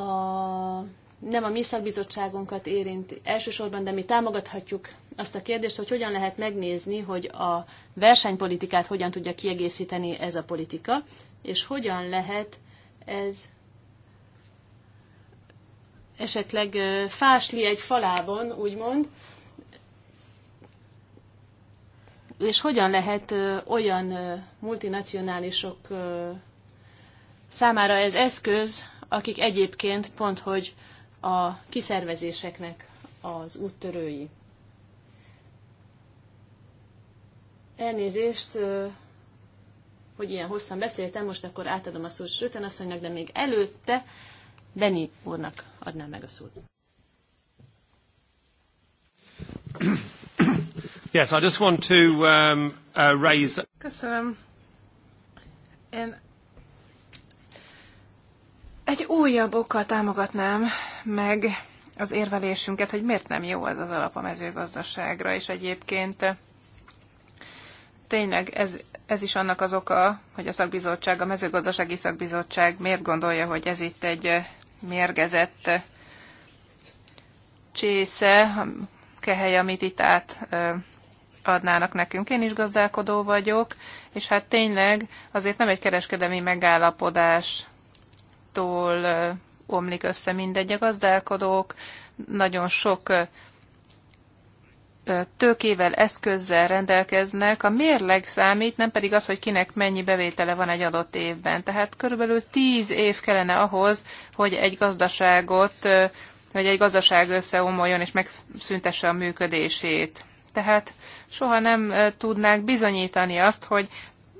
nem a mi szakbizottságunkat érint elsősorban, de mi támogathatjuk azt a kérdést, hogy hogyan lehet megnézni, hogy a versenypolitikát hogyan tudja kiegészíteni ez a politika, és hogyan lehet ez esetleg fásli egy falában, úgymond, és hogyan lehet olyan multinacionálisok számára ez eszköz, akik egyébként pont, hogy a kiszervezéseknek az úttörői. Elnézést, hogy ilyen hosszan beszéltem, most akkor átadom a szót Sröten asszonynak, de még előtte Beni úrnak adnám meg a szót. Yes, I just want to um, uh, raise... Köszönöm. Én egy újabb okkal támogatnám meg az érvelésünket, hogy miért nem jó ez az alap a mezőgazdaságra, és egyébként tényleg ez, ez is annak az oka, hogy a szakbizottság, a mezőgazdasági szakbizottság miért gondolja, hogy ez itt egy mérgezett csésze, kehely, amit itt át adnának nekünk. Én is gazdálkodó vagyok, és hát tényleg azért nem egy kereskedelmi megállapodás tól omlik össze mindegy. A gazdálkodók nagyon sok tőkével, eszközzel rendelkeznek, a mérleg számít, nem pedig az, hogy kinek mennyi bevétele van egy adott évben. Tehát körülbelül tíz év kellene ahhoz, hogy egy gazdaságot, hogy egy gazdaság összeomoljon és megszüntesse a működését. Tehát soha nem tudnák bizonyítani azt, hogy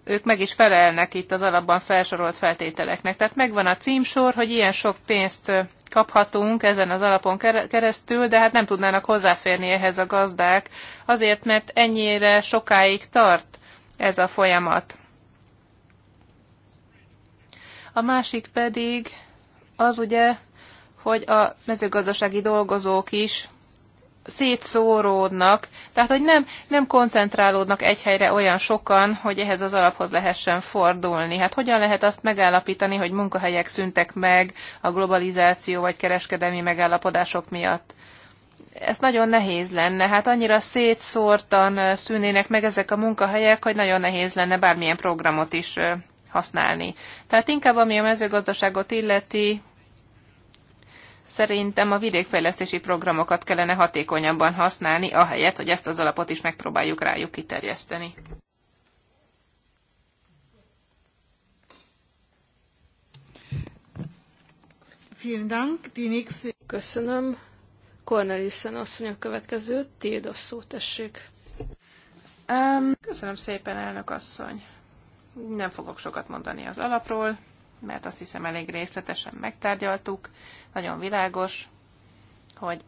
ők meg is felelnek itt az alapban felsorolt feltételeknek. Tehát megvan a címsor, hogy ilyen sok pénzt kaphatunk ezen az alapon keresztül, de hát nem tudnának hozzáférni ehhez a gazdák, azért, mert ennyire sokáig tart ez a folyamat. A másik pedig az ugye, hogy a mezőgazdasági dolgozók is szétszóródnak, tehát hogy nem, nem koncentrálódnak egy helyre olyan sokan, hogy ehhez az alaphoz lehessen fordulni. Hát hogyan lehet azt megállapítani, hogy munkahelyek szüntek meg a globalizáció vagy kereskedelmi megállapodások miatt? ez nagyon nehéz lenne. Hát annyira szétszórtan szűnének meg ezek a munkahelyek, hogy nagyon nehéz lenne bármilyen programot is használni. Tehát inkább ami a mezőgazdaságot illeti, Szerintem a vidékfejlesztési programokat kellene hatékonyabban használni, ahelyett, hogy ezt az alapot is megpróbáljuk rájuk kiterjeszteni. Köszönöm. Cornelissen asszony a következő. Tiéd a szó, tessék. Um, köszönöm szépen, elnök asszony. Nem fogok sokat mondani az alapról mert azt hiszem elég részletesen megtárgyaltuk, nagyon világos, hogy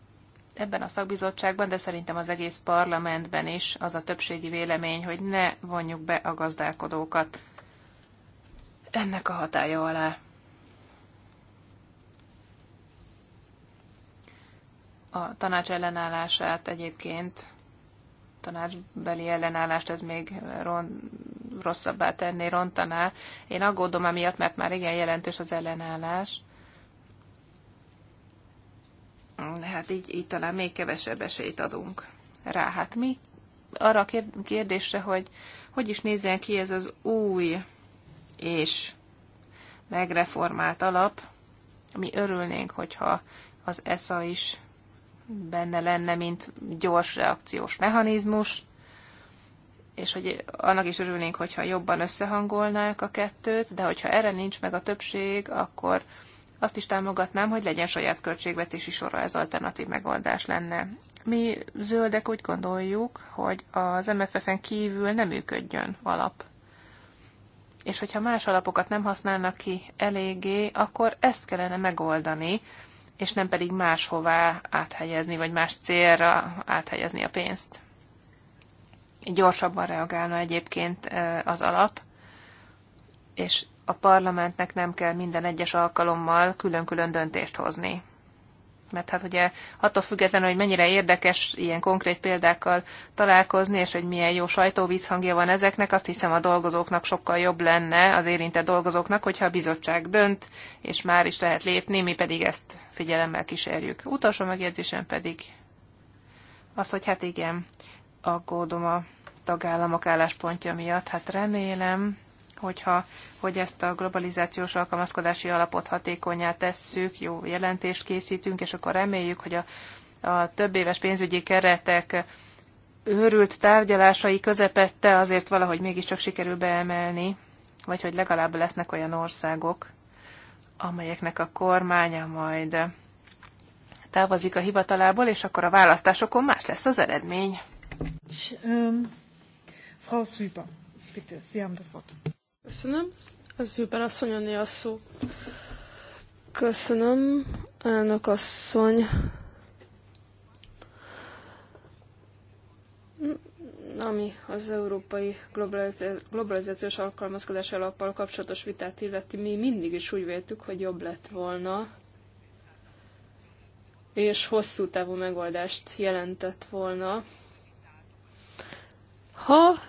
ebben a szakbizottságban, de szerintem az egész parlamentben is az a többségi vélemény, hogy ne vonjuk be a gazdálkodókat ennek a hatája alá. A tanács ellenállását egyébként tanácsbeli ellenállást, ez még rosszabbá tenné, rontaná. Én aggódom amiatt, mert már igen jelentős az ellenállás. De hát így, így talán még kevesebb esélyt adunk rá. Hát mi arra a kérdésre, hogy hogy is nézzen ki ez az új és megreformált alap, mi örülnénk, hogyha az ESA is benne lenne, mint gyors reakciós mechanizmus, és hogy annak is örülnénk, hogyha jobban összehangolnák a kettőt, de hogyha erre nincs meg a többség, akkor azt is támogatnám, hogy legyen saját költségvetési sora, ez alternatív megoldás lenne. Mi zöldek úgy gondoljuk, hogy az MFF-en kívül nem működjön alap. És hogyha más alapokat nem használnak ki eléggé, akkor ezt kellene megoldani, és nem pedig máshová áthelyezni, vagy más célra áthelyezni a pénzt gyorsabban reagálna egyébként az alap, és a parlamentnek nem kell minden egyes alkalommal külön-külön döntést hozni. Mert hát ugye attól függetlenül, hogy mennyire érdekes ilyen konkrét példákkal találkozni, és hogy milyen jó sajtóvízhangja van ezeknek, azt hiszem a dolgozóknak sokkal jobb lenne, az érintett dolgozóknak, hogyha a bizottság dönt, és már is lehet lépni, mi pedig ezt figyelemmel kísérjük. Utolsó megjegyzésem pedig az, hogy hát igen, aggódom a tagállamok álláspontja miatt. Hát remélem, hogyha hogy ezt a globalizációs alkalmazkodási alapot hatékonyá tesszük, jó jelentést készítünk, és akkor reméljük, hogy a, a több éves pénzügyi keretek őrült tárgyalásai közepette azért valahogy mégiscsak sikerül beemelni, vagy hogy legalább lesznek olyan országok, amelyeknek a kormánya majd távozik a hivatalából, és akkor a választásokon más lesz az eredmény. Frau Süper, bitte, Sie haben das Wort. Köszönöm. A Süber a szó. Köszönöm, elnök asszony. ami az európai globalizációs alkalmazkodás alappal kapcsolatos vitát illeti, mi mindig is úgy véltük, hogy jobb lett volna, és hosszú távú megoldást jelentett volna ha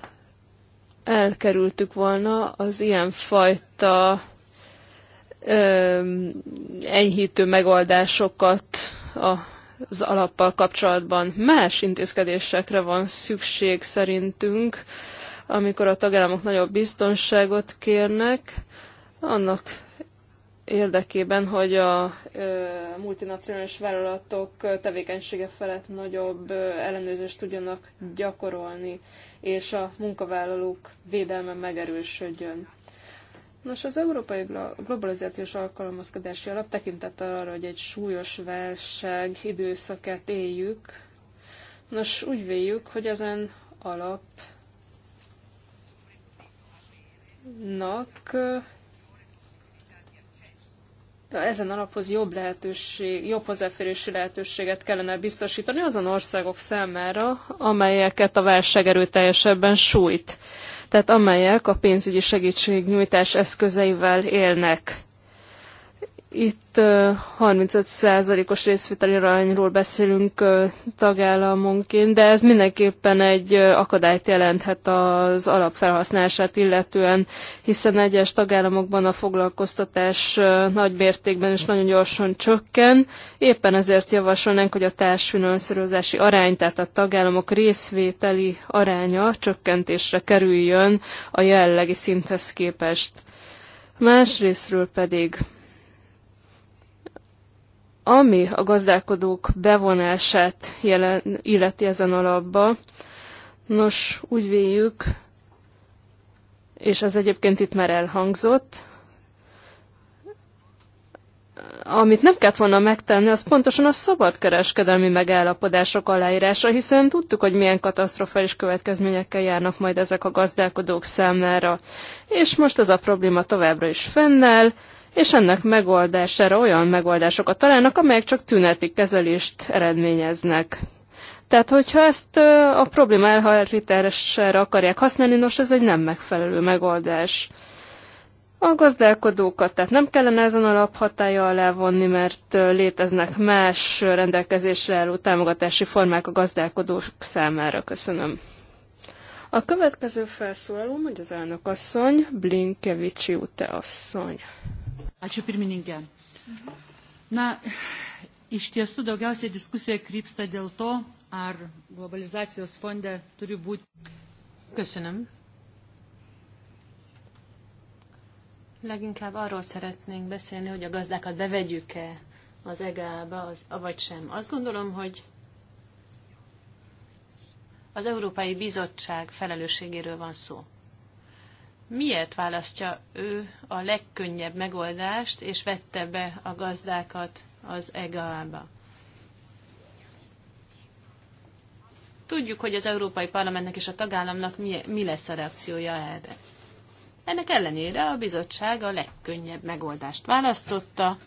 elkerültük volna az fajta ö, enyhítő megoldásokat a az alappal kapcsolatban más intézkedésekre van szükség szerintünk, amikor a tagállamok nagyobb biztonságot kérnek, annak érdekében, hogy a multinacionális vállalatok tevékenysége felett nagyobb ellenőrzést tudjanak gyakorolni, és a munkavállalók védelme megerősödjön. Nos, az Európai Globalizációs Alkalmazkodási Alap tekintettel arra, hogy egy súlyos válság időszakát éljük, nos, úgy véljük, hogy ezen alapnak ezen alaphoz jobb, lehetőség, jobb hozzáférési lehetőséget kellene biztosítani azon országok számára, amelyeket a válság erőteljesebben sújt, tehát amelyek a pénzügyi segítségnyújtás eszközeivel élnek. Itt 35%-os részvételi arányról beszélünk tagállamonként, de ez mindenképpen egy akadályt jelenthet az alapfelhasználását illetően, hiszen egyes tagállamokban a foglalkoztatás nagy mértékben és nagyon gyorsan csökken. Éppen ezért javasolnánk, hogy a társfinanszírozási arány, tehát a tagállamok részvételi aránya csökkentésre kerüljön a jellegi szinthez képest. Másrésztről pedig ami a gazdálkodók bevonását jelen, illeti ezen alapba, nos, úgy véljük, és ez egyébként itt már elhangzott, amit nem kellett volna megtenni, az pontosan a szabadkereskedelmi megállapodások aláírása, hiszen tudtuk, hogy milyen katasztrofális következményekkel járnak majd ezek a gazdálkodók számára. És most ez a probléma továbbra is fennáll, és ennek megoldására olyan megoldásokat találnak, amelyek csak tüneti kezelést eredményeznek. Tehát, hogyha ezt a probléma elhajlítására akarják használni, nos, ez egy nem megfelelő megoldás. A gazdálkodókat tehát nem kellene ezen a alá vonni, mert léteznek más rendelkezésre álló támogatási formák a gazdálkodók számára. Köszönöm. A következő felszólaló, mondja az elnök asszony, Blinkevicsi úte asszony. Ačiū pirmininkė. Na, iš tiesų daugiausiai diskusija krypsta dėl to, ar globalizacijos fonde turi būti. Köszönöm. Leginkább arról szeretnénk beszélni, hogy a gazdákat bevegyük-e az EGA-ba, az, vagy sem. Azt gondolom, hogy az Európai Bizottság felelősségéről van szó miért választja ő a legkönnyebb megoldást, és vette be a gazdákat az EGA-ba. Tudjuk, hogy az Európai Parlamentnek és a tagállamnak mi, mi lesz a reakciója erre. Ennek ellenére a bizottság a legkönnyebb megoldást választotta.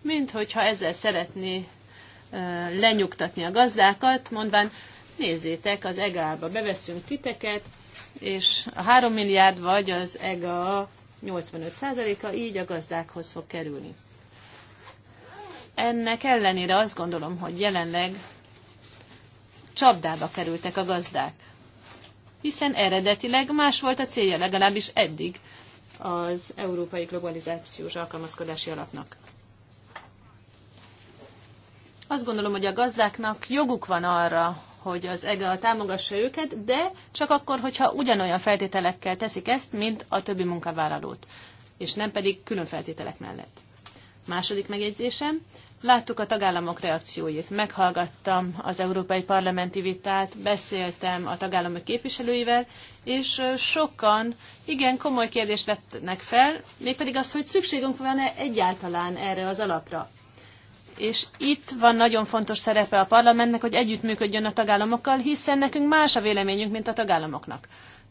Mint hogyha ezzel szeretné lenyugtatni a gazdákat, mondván, nézzétek, az EGA-ba beveszünk titeket, és a 3 milliárd vagy az EGA 85%-a így a gazdákhoz fog kerülni. Ennek ellenére azt gondolom, hogy jelenleg csapdába kerültek a gazdák, hiszen eredetileg más volt a célja, legalábbis eddig az Európai Globalizációs Alkalmazkodási Alapnak. Azt gondolom, hogy a gazdáknak joguk van arra, hogy az EGA támogassa őket, de csak akkor, hogyha ugyanolyan feltételekkel teszik ezt, mint a többi munkavállalót, és nem pedig külön feltételek mellett. Második megjegyzésem, láttuk a tagállamok reakcióit. Meghallgattam az Európai Parlamenti vitát, beszéltem a tagállamok képviselőivel, és sokan igen komoly kérdést vetnek fel, mégpedig az, hogy szükségünk van-e egyáltalán erre az alapra és itt van nagyon fontos szerepe a parlamentnek, hogy együttműködjön a tagállamokkal, hiszen nekünk más a véleményünk, mint a tagállamoknak.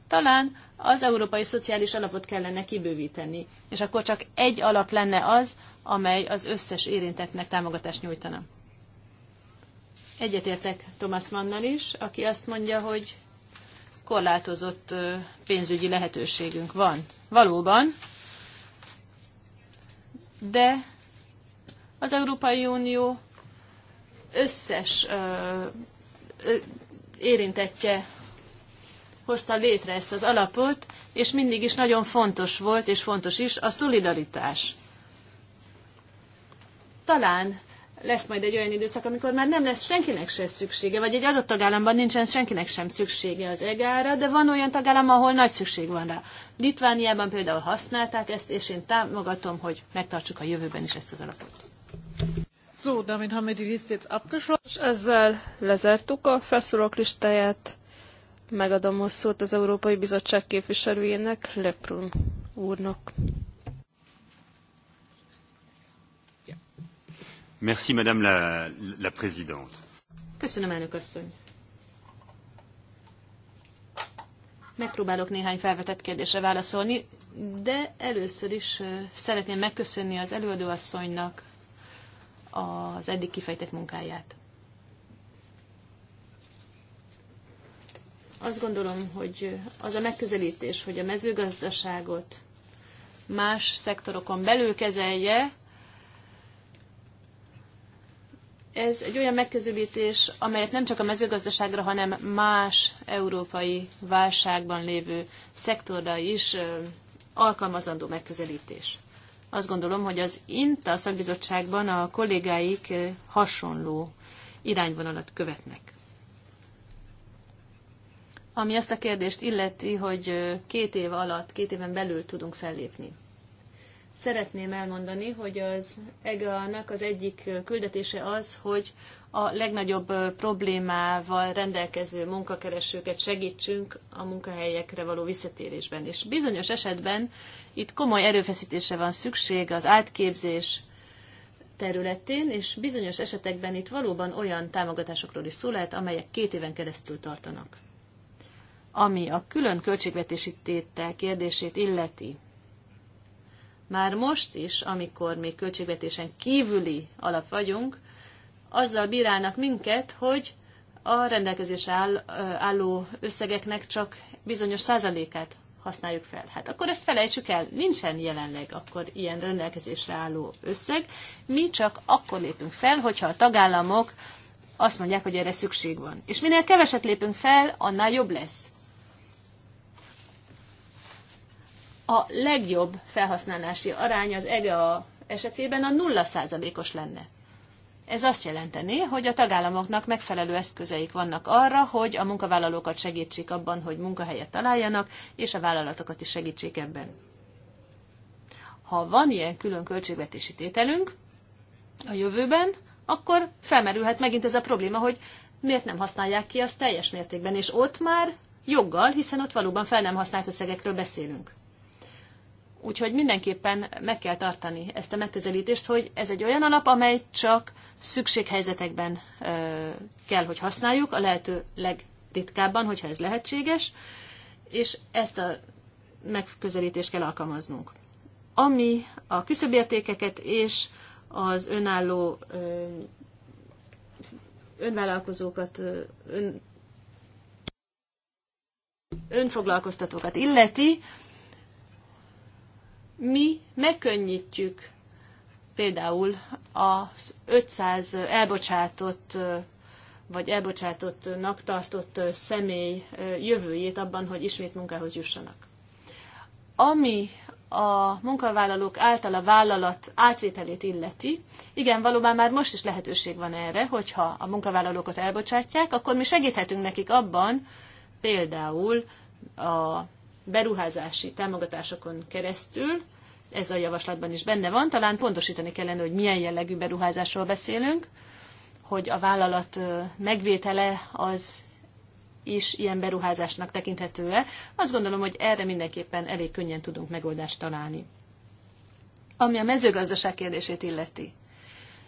Talán az európai szociális alapot kellene kibővíteni, és akkor csak egy alap lenne az, amely az összes érintettnek támogatást nyújtana. Egyetértek Thomas Mannnal is, aki azt mondja, hogy korlátozott pénzügyi lehetőségünk van. Valóban, de az Európai Unió összes ö, ö, érintettje hozta létre ezt az alapot, és mindig is nagyon fontos volt, és fontos is a szolidaritás. Talán lesz majd egy olyan időszak, amikor már nem lesz senkinek sem szüksége, vagy egy adott tagállamban nincsen senkinek sem szüksége az egára, de van olyan tagállam, ahol nagy szükség van rá. Litvániában például használták ezt, és én támogatom, hogy megtartsuk a jövőben is ezt az alapot. So, damit haben wir die Liste jetzt abgeschlossen. És ezzel lezártuk a felszólók listáját. Megadom a szót az Európai Bizottság képviselőjének, Leprun úrnak. Merci, Madame la, la Présidente. Köszönöm, elnök asszony. Megpróbálok néhány felvetett kérdésre válaszolni, de először is szeretném megköszönni az előadóasszonynak az eddig kifejtett munkáját. Azt gondolom, hogy az a megközelítés, hogy a mezőgazdaságot más szektorokon belül kezelje, ez egy olyan megközelítés, amelyet nem csak a mezőgazdaságra, hanem más európai válságban lévő szektorra is alkalmazandó megközelítés. Azt gondolom, hogy az INTA szakbizottságban a kollégáik eh, hasonló irányvonalat követnek. Ami azt a kérdést illeti, hogy eh, két év alatt, két éven belül tudunk fellépni. Szeretném elmondani, hogy az EGA-nak az egyik eh, küldetése az, hogy a legnagyobb problémával rendelkező munkakeresőket segítsünk a munkahelyekre való visszatérésben. És bizonyos esetben itt komoly erőfeszítése van szükség az átképzés területén, és bizonyos esetekben itt valóban olyan támogatásokról is szó lehet, amelyek két éven keresztül tartanak. Ami a külön költségvetési tétel kérdését illeti, már most is, amikor még költségvetésen kívüli alap vagyunk, azzal bírálnak minket, hogy a rendelkezésre áll, álló összegeknek csak bizonyos százalékát használjuk fel. Hát akkor ezt felejtsük el, nincsen jelenleg akkor ilyen rendelkezésre álló összeg. Mi csak akkor lépünk fel, hogyha a tagállamok azt mondják, hogy erre szükség van. És minél keveset lépünk fel, annál jobb lesz. A legjobb felhasználási arány az EGA esetében a nulla százalékos lenne. Ez azt jelenteni, hogy a tagállamoknak megfelelő eszközeik vannak arra, hogy a munkavállalókat segítsék abban, hogy munkahelyet találjanak, és a vállalatokat is segítsék ebben. Ha van ilyen külön költségvetési tételünk a jövőben, akkor felmerülhet megint ez a probléma, hogy miért nem használják ki azt teljes mértékben, és ott már joggal, hiszen ott valóban fel nem használt összegekről beszélünk. Úgyhogy mindenképpen meg kell tartani ezt a megközelítést, hogy ez egy olyan alap, amely csak szükséghelyzetekben kell, hogy használjuk, a lehető legritkábban, hogyha ez lehetséges, és ezt a megközelítést kell alkalmaznunk. Ami a küszöbértékeket és az önálló önvállalkozókat, ön, önfoglalkoztatókat illeti, mi megkönnyítjük például az 500 elbocsátott vagy elbocsátottnak tartott személy jövőjét abban, hogy ismét munkához jussanak. Ami a munkavállalók által a vállalat átvételét illeti, igen, valóban már most is lehetőség van erre, hogyha a munkavállalókat elbocsátják, akkor mi segíthetünk nekik abban, például a beruházási támogatásokon keresztül, ez a javaslatban is benne van, talán pontosítani kellene, hogy milyen jellegű beruházásról beszélünk, hogy a vállalat megvétele az is ilyen beruházásnak tekinthető-e. Azt gondolom, hogy erre mindenképpen elég könnyen tudunk megoldást találni. Ami a mezőgazdaság kérdését illeti.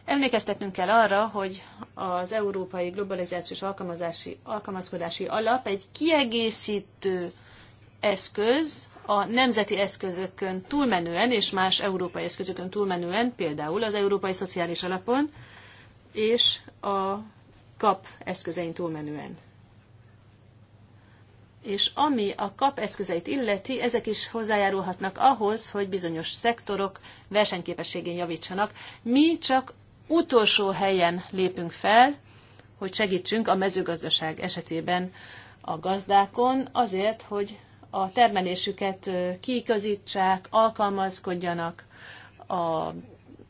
Emlékeztetnünk kell arra, hogy az Európai Globalizációs Alkalmazási, Alkalmazkodási Alap egy kiegészítő eszköz a nemzeti eszközökön túlmenően és más európai eszközökön túlmenően, például az Európai Szociális Alapon és a kap eszközein túlmenően. És ami a kap eszközeit illeti, ezek is hozzájárulhatnak ahhoz, hogy bizonyos szektorok versenyképességén javítsanak. Mi csak utolsó helyen lépünk fel, hogy segítsünk a mezőgazdaság esetében a gazdákon, azért, hogy a termelésüket kiigazítsák, alkalmazkodjanak a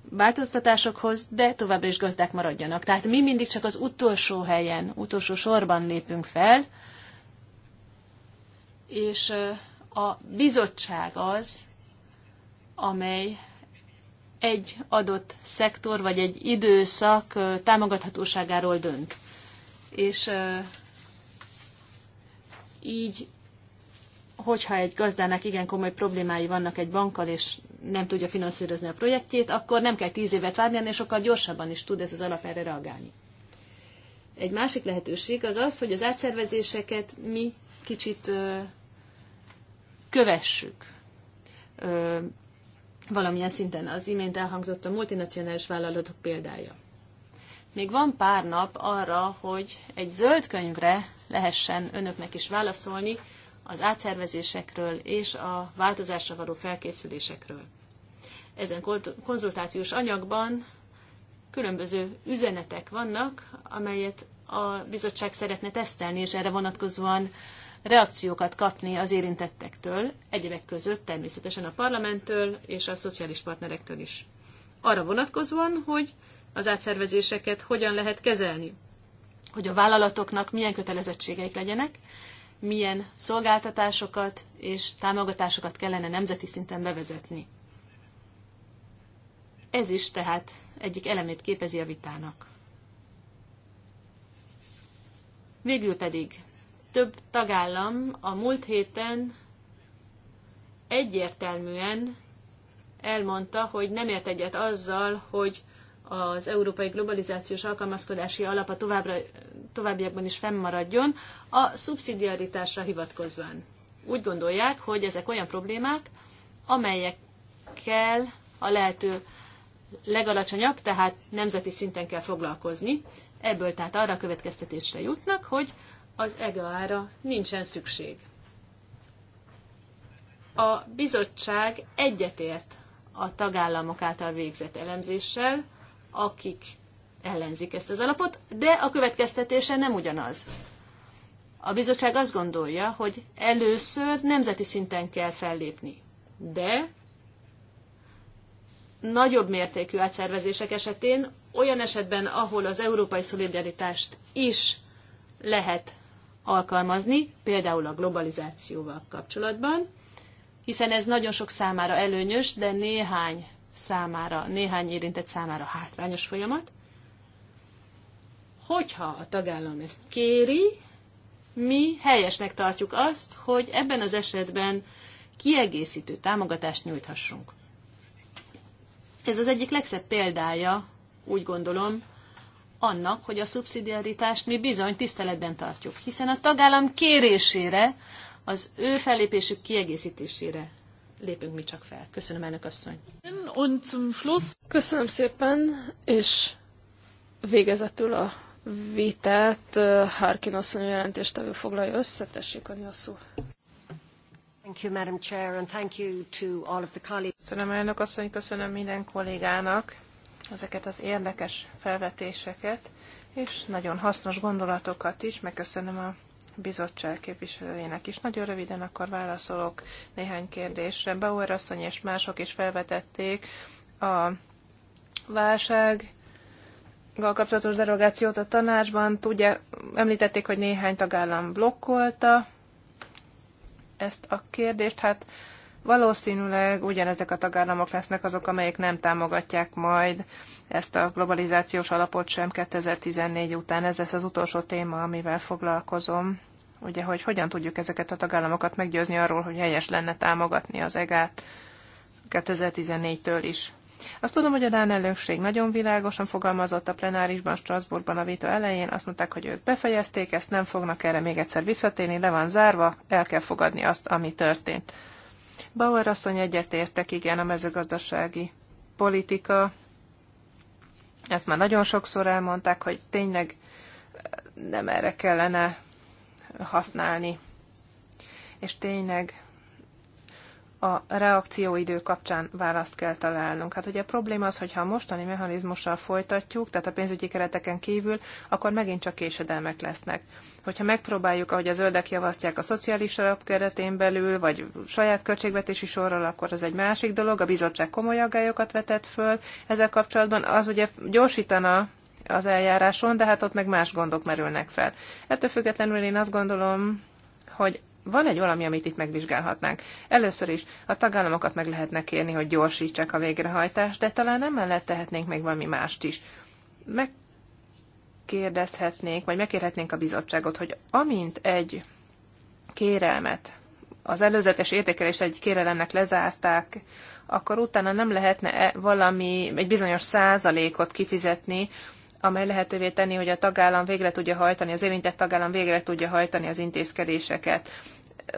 változtatásokhoz, de továbbra is gazdák maradjanak. Tehát mi mindig csak az utolsó helyen, utolsó sorban lépünk fel, és a bizottság az, amely egy adott szektor vagy egy időszak támogathatóságáról dönt. És így hogyha egy gazdának igen komoly problémái vannak egy bankkal, és nem tudja finanszírozni a projektjét, akkor nem kell tíz évet várni, és sokkal gyorsabban is tud ez az alap erre reagálni. Egy másik lehetőség az az, hogy az átszervezéseket mi kicsit ö, kövessük ö, valamilyen szinten. Az imént elhangzott a multinacionális vállalatok példája. Még van pár nap arra, hogy egy zöld könyvre lehessen önöknek is válaszolni, az átszervezésekről és a változásra való felkészülésekről. Ezen konzultációs anyagban különböző üzenetek vannak, amelyet a bizottság szeretne tesztelni, és erre vonatkozóan reakciókat kapni az érintettektől, egyebek között természetesen a parlamenttől és a szociális partnerektől is. Arra vonatkozóan, hogy az átszervezéseket hogyan lehet kezelni, hogy a vállalatoknak milyen kötelezettségeik legyenek, milyen szolgáltatásokat és támogatásokat kellene nemzeti szinten bevezetni. Ez is tehát egyik elemét képezi a vitának. Végül pedig több tagállam a múlt héten egyértelműen elmondta, hogy nem ért egyet azzal, hogy az európai globalizációs alkalmazkodási alapa továbbra, továbbiakban is fennmaradjon, a szubszidiaritásra hivatkozóan. Úgy gondolják, hogy ezek olyan problémák, amelyekkel a lehető legalacsonyabb, tehát nemzeti szinten kell foglalkozni. Ebből tehát arra a következtetésre jutnak, hogy az EGA-ra nincsen szükség. A bizottság egyetért a tagállamok által végzett elemzéssel, akik ellenzik ezt az alapot, de a következtetése nem ugyanaz. A bizottság azt gondolja, hogy először nemzeti szinten kell fellépni, de nagyobb mértékű átszervezések esetén, olyan esetben, ahol az európai szolidaritást is lehet alkalmazni, például a globalizációval kapcsolatban, hiszen ez nagyon sok számára előnyös, de néhány számára, néhány érintett számára hátrányos folyamat. Hogyha a tagállam ezt kéri, mi helyesnek tartjuk azt, hogy ebben az esetben kiegészítő támogatást nyújthassunk. Ez az egyik legszebb példája, úgy gondolom, annak, hogy a szubszidiaritást mi bizony tiszteletben tartjuk, hiszen a tagállam kérésére, az ő fellépésük kiegészítésére lépünk mi csak fel. Köszönöm, elnök asszony. Köszönöm szépen, és végezetül a vitát uh, Harkin asszony jelentéstevő foglalja össze. Tessék, a szó. Köszönöm elnök asszony, köszönöm minden kollégának ezeket az érdekes felvetéseket, és nagyon hasznos gondolatokat is. Megköszönöm a bizottság képviselőjének is. Nagyon röviden akkor válaszolok néhány kérdésre. Bauer asszony és mások is felvetették a válság kapcsolatos derogációt a tanácsban. Tudja, említették, hogy néhány tagállam blokkolta ezt a kérdést. Hát Valószínűleg ugyanezek a tagállamok lesznek azok, amelyek nem támogatják majd ezt a globalizációs alapot sem 2014 után. Ez lesz az utolsó téma, amivel foglalkozom. Ugye, hogy hogyan tudjuk ezeket a tagállamokat meggyőzni arról, hogy helyes lenne támogatni az EGÁT 2014-től is. Azt tudom, hogy a Dán elnökség nagyon világosan fogalmazott a plenárisban, Strasbourgban a vita elején, azt mondták, hogy ők befejezték, ezt nem fognak erre még egyszer visszatérni, le van zárva, el kell fogadni azt, ami történt. Bauer asszony egyetértek, igen, a mezőgazdasági politika. Ezt már nagyon sokszor elmondták, hogy tényleg eh, nem erre kellene használni. És tényleg a reakcióidő kapcsán választ kell találnunk. Hát ugye a probléma az, hogyha a mostani mechanizmussal folytatjuk, tehát a pénzügyi kereteken kívül, akkor megint csak késedelmek lesznek. Hogyha megpróbáljuk, ahogy a zöldek javasztják a szociális alap keretén belül, vagy saját költségvetési sorral, akkor az egy másik dolog. A bizottság komoly aggályokat vetett föl ezzel kapcsolatban. Az ugye gyorsítana az eljáráson, de hát ott meg más gondok merülnek fel. Ettől függetlenül én azt gondolom, hogy van egy valami, amit itt megvizsgálhatnánk. Először is a tagállamokat meg lehetne kérni, hogy gyorsítsák a végrehajtást, de talán emellett tehetnénk még valami mást is. Megkérdezhetnénk, vagy megkérhetnénk a bizottságot, hogy amint egy kérelmet, az előzetes értékelés egy kérelemnek lezárták, akkor utána nem lehetne -e valami, egy bizonyos százalékot kifizetni, amely lehetővé tenni, hogy a tagállam végre tudja hajtani, az érintett tagállam végre tudja hajtani az intézkedéseket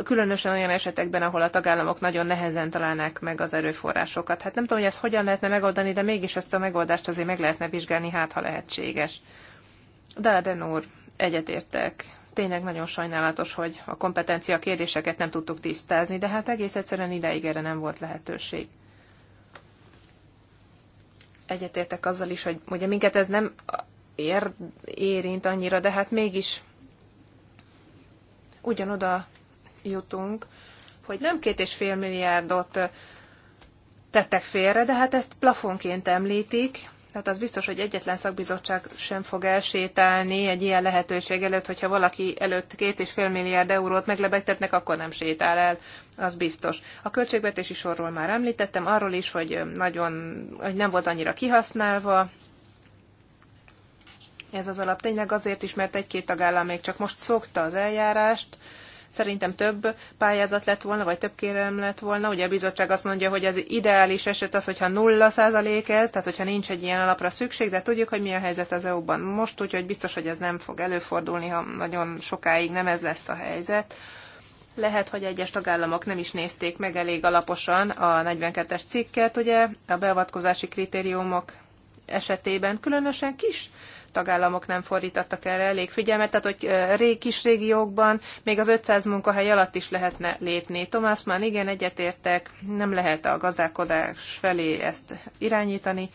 különösen olyan esetekben, ahol a tagállamok nagyon nehezen találnák meg az erőforrásokat. Hát nem tudom, hogy ezt hogyan lehetne megoldani, de mégis ezt a megoldást azért meg lehetne vizsgálni, hát ha lehetséges. Dáden úr, egyetértek. Tényleg nagyon sajnálatos, hogy a kompetencia kérdéseket nem tudtuk tisztázni, de hát egész egyszerűen ideig erre nem volt lehetőség egyetértek azzal is, hogy ugye minket ez nem ér, érint annyira, de hát mégis ugyanoda jutunk, hogy nem két és fél milliárdot tettek félre, de hát ezt plafonként említik, tehát az biztos, hogy egyetlen szakbizottság sem fog elsétálni egy ilyen lehetőség előtt, hogyha valaki előtt két és fél milliárd eurót meglebegtetnek, akkor nem sétál el, az biztos. A költségvetési sorról már említettem, arról is, hogy nagyon, hogy nem volt annyira kihasználva, ez az alap tényleg azért is, mert egy-két tagállam még csak most szokta az eljárást, Szerintem több pályázat lett volna, vagy több kérelem lett volna. Ugye a bizottság azt mondja, hogy az ideális eset az, hogyha nulla százalék ez, tehát hogyha nincs egy ilyen alapra szükség, de tudjuk, hogy mi a helyzet az EU-ban most, úgyhogy biztos, hogy ez nem fog előfordulni, ha nagyon sokáig nem ez lesz a helyzet lehet, hogy egyes tagállamok nem is nézték meg elég alaposan a 42-es cikket, ugye a beavatkozási kritériumok esetében, különösen kis tagállamok nem fordítottak erre elég figyelmet, tehát hogy rég, kis régiókban még az 500 munkahely alatt is lehetne lépni. Tomás már igen egyetértek, nem lehet a gazdálkodás felé ezt irányítani,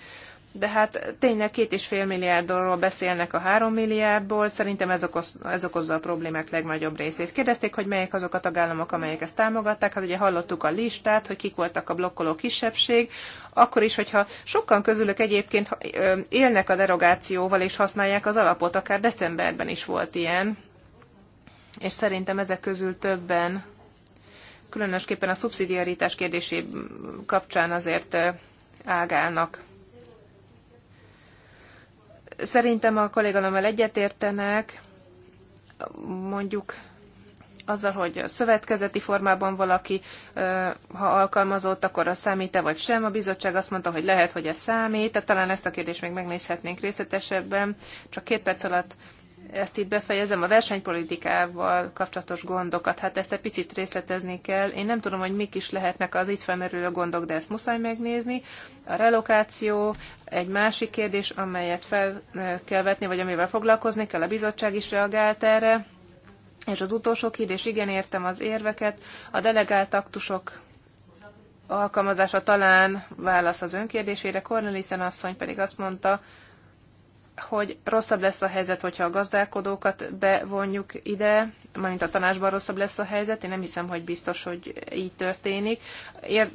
de hát tényleg két és fél milliárdról beszélnek a három milliárdból, szerintem ez, okoz, ez okozza a problémák legnagyobb részét. Kérdezték, hogy melyek azok a tagállamok, amelyek ezt támogatták, hát ugye hallottuk a listát, hogy kik voltak a blokkoló kisebbség, akkor is, hogyha sokan közülük egyébként élnek a derogációval és használják az alapot, akár decemberben is volt ilyen, és szerintem ezek közül többen, különösképpen a szubszidiaritás kérdésé kapcsán azért ágálnak Szerintem a kolléganommal egyetértenek, mondjuk azzal, hogy szövetkezeti formában valaki, ha alkalmazott, akkor az számít-e vagy sem. A bizottság azt mondta, hogy lehet, hogy ez számít, tehát talán ezt a kérdést még megnézhetnénk részletesebben. Csak két perc alatt ezt itt befejezem, a versenypolitikával kapcsolatos gondokat, hát ezt egy picit részletezni kell. Én nem tudom, hogy mik is lehetnek az itt felmerülő gondok, de ezt muszáj megnézni. A relokáció egy másik kérdés, amelyet fel kell vetni, vagy amivel foglalkozni kell, a bizottság is reagált erre. És az utolsó kérdés, igen, értem az érveket. A delegált aktusok alkalmazása talán válasz az önkérdésére. Cornelissen asszony pedig azt mondta, hogy rosszabb lesz a helyzet, hogyha a gazdálkodókat bevonjuk ide, mint a tanácsban rosszabb lesz a helyzet. Én nem hiszem, hogy biztos, hogy így történik. Én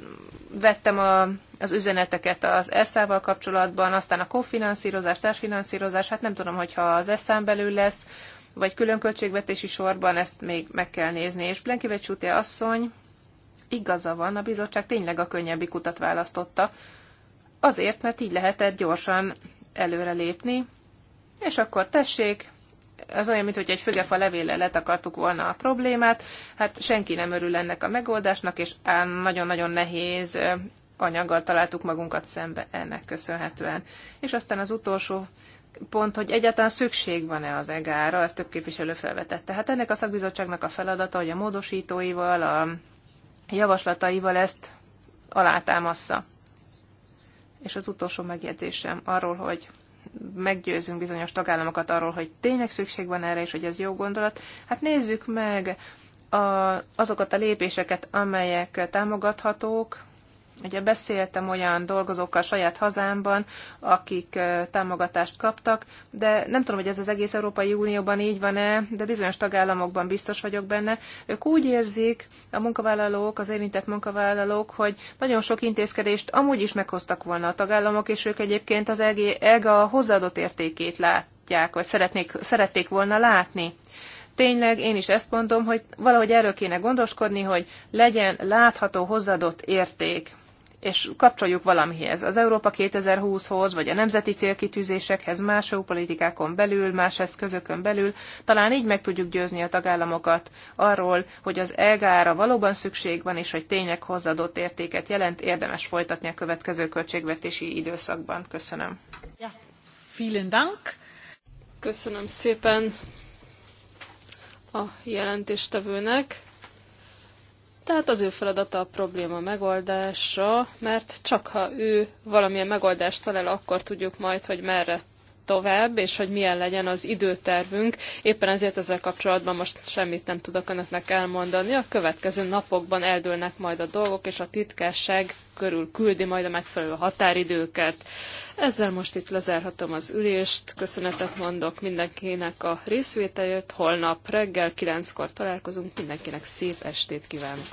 vettem a, az üzeneteket az ESZ-val kapcsolatban, aztán a kofinanszírozás, társfinanszírozás, hát nem tudom, hogyha az esz belül lesz, vagy külön költségvetési sorban, ezt még meg kell nézni. És Blenkivecs úti asszony igaza van, a bizottság tényleg a könnyebbik kutat választotta, azért, mert így lehetett gyorsan előre lépni, és akkor tessék, az olyan, mint hogy egy fügefa levéllel letakartuk volna a problémát. Hát senki nem örül ennek a megoldásnak, és nagyon-nagyon nehéz anyaggal találtuk magunkat szembe ennek köszönhetően. És aztán az utolsó pont, hogy egyáltalán szükség van-e az egára, ezt több képviselő felvetette. Hát ennek a szakbizottságnak a feladata, hogy a módosítóival, a javaslataival ezt alátámassza. És az utolsó megjegyzésem arról, hogy meggyőzünk bizonyos tagállamokat arról, hogy tényleg szükség van erre, és hogy ez jó gondolat. Hát nézzük meg a, azokat a lépéseket, amelyek támogathatók, Ugye beszéltem olyan dolgozókkal saját hazámban, akik támogatást kaptak, de nem tudom, hogy ez az egész Európai Unióban így van-e, de bizonyos tagállamokban biztos vagyok benne. Ők úgy érzik, a munkavállalók, az érintett munkavállalók, hogy nagyon sok intézkedést amúgy is meghoztak volna a tagállamok, és ők egyébként az EGA e hozzáadott értékét látják, vagy szeretnék, szerették volna látni tényleg én is ezt mondom, hogy valahogy erről kéne gondoskodni, hogy legyen látható hozzáadott érték és kapcsoljuk valamihez, az Európa 2020-hoz, vagy a nemzeti célkitűzésekhez, más EU politikákon belül, más eszközökön belül, talán így meg tudjuk győzni a tagállamokat arról, hogy az EGÁ-ra valóban szükség van, és hogy tények hozzáadott értéket jelent, érdemes folytatni a következő költségvetési időszakban. Köszönöm. Ja. Vielen Dank. Köszönöm szépen a jelentéstevőnek. Tehát az ő feladata a probléma megoldása, mert csak ha ő valamilyen megoldást talál, akkor tudjuk majd, hogy merre tovább, és hogy milyen legyen az időtervünk. Éppen ezért ezzel kapcsolatban most semmit nem tudok önöknek elmondani. A következő napokban eldőlnek majd a dolgok, és a titkárság körül küldi majd a megfelelő határidőket. Ezzel most itt lezárhatom az ülést. Köszönetet mondok mindenkinek a részvételért. Holnap reggel 9-kor találkozunk. Mindenkinek szép estét kívánok!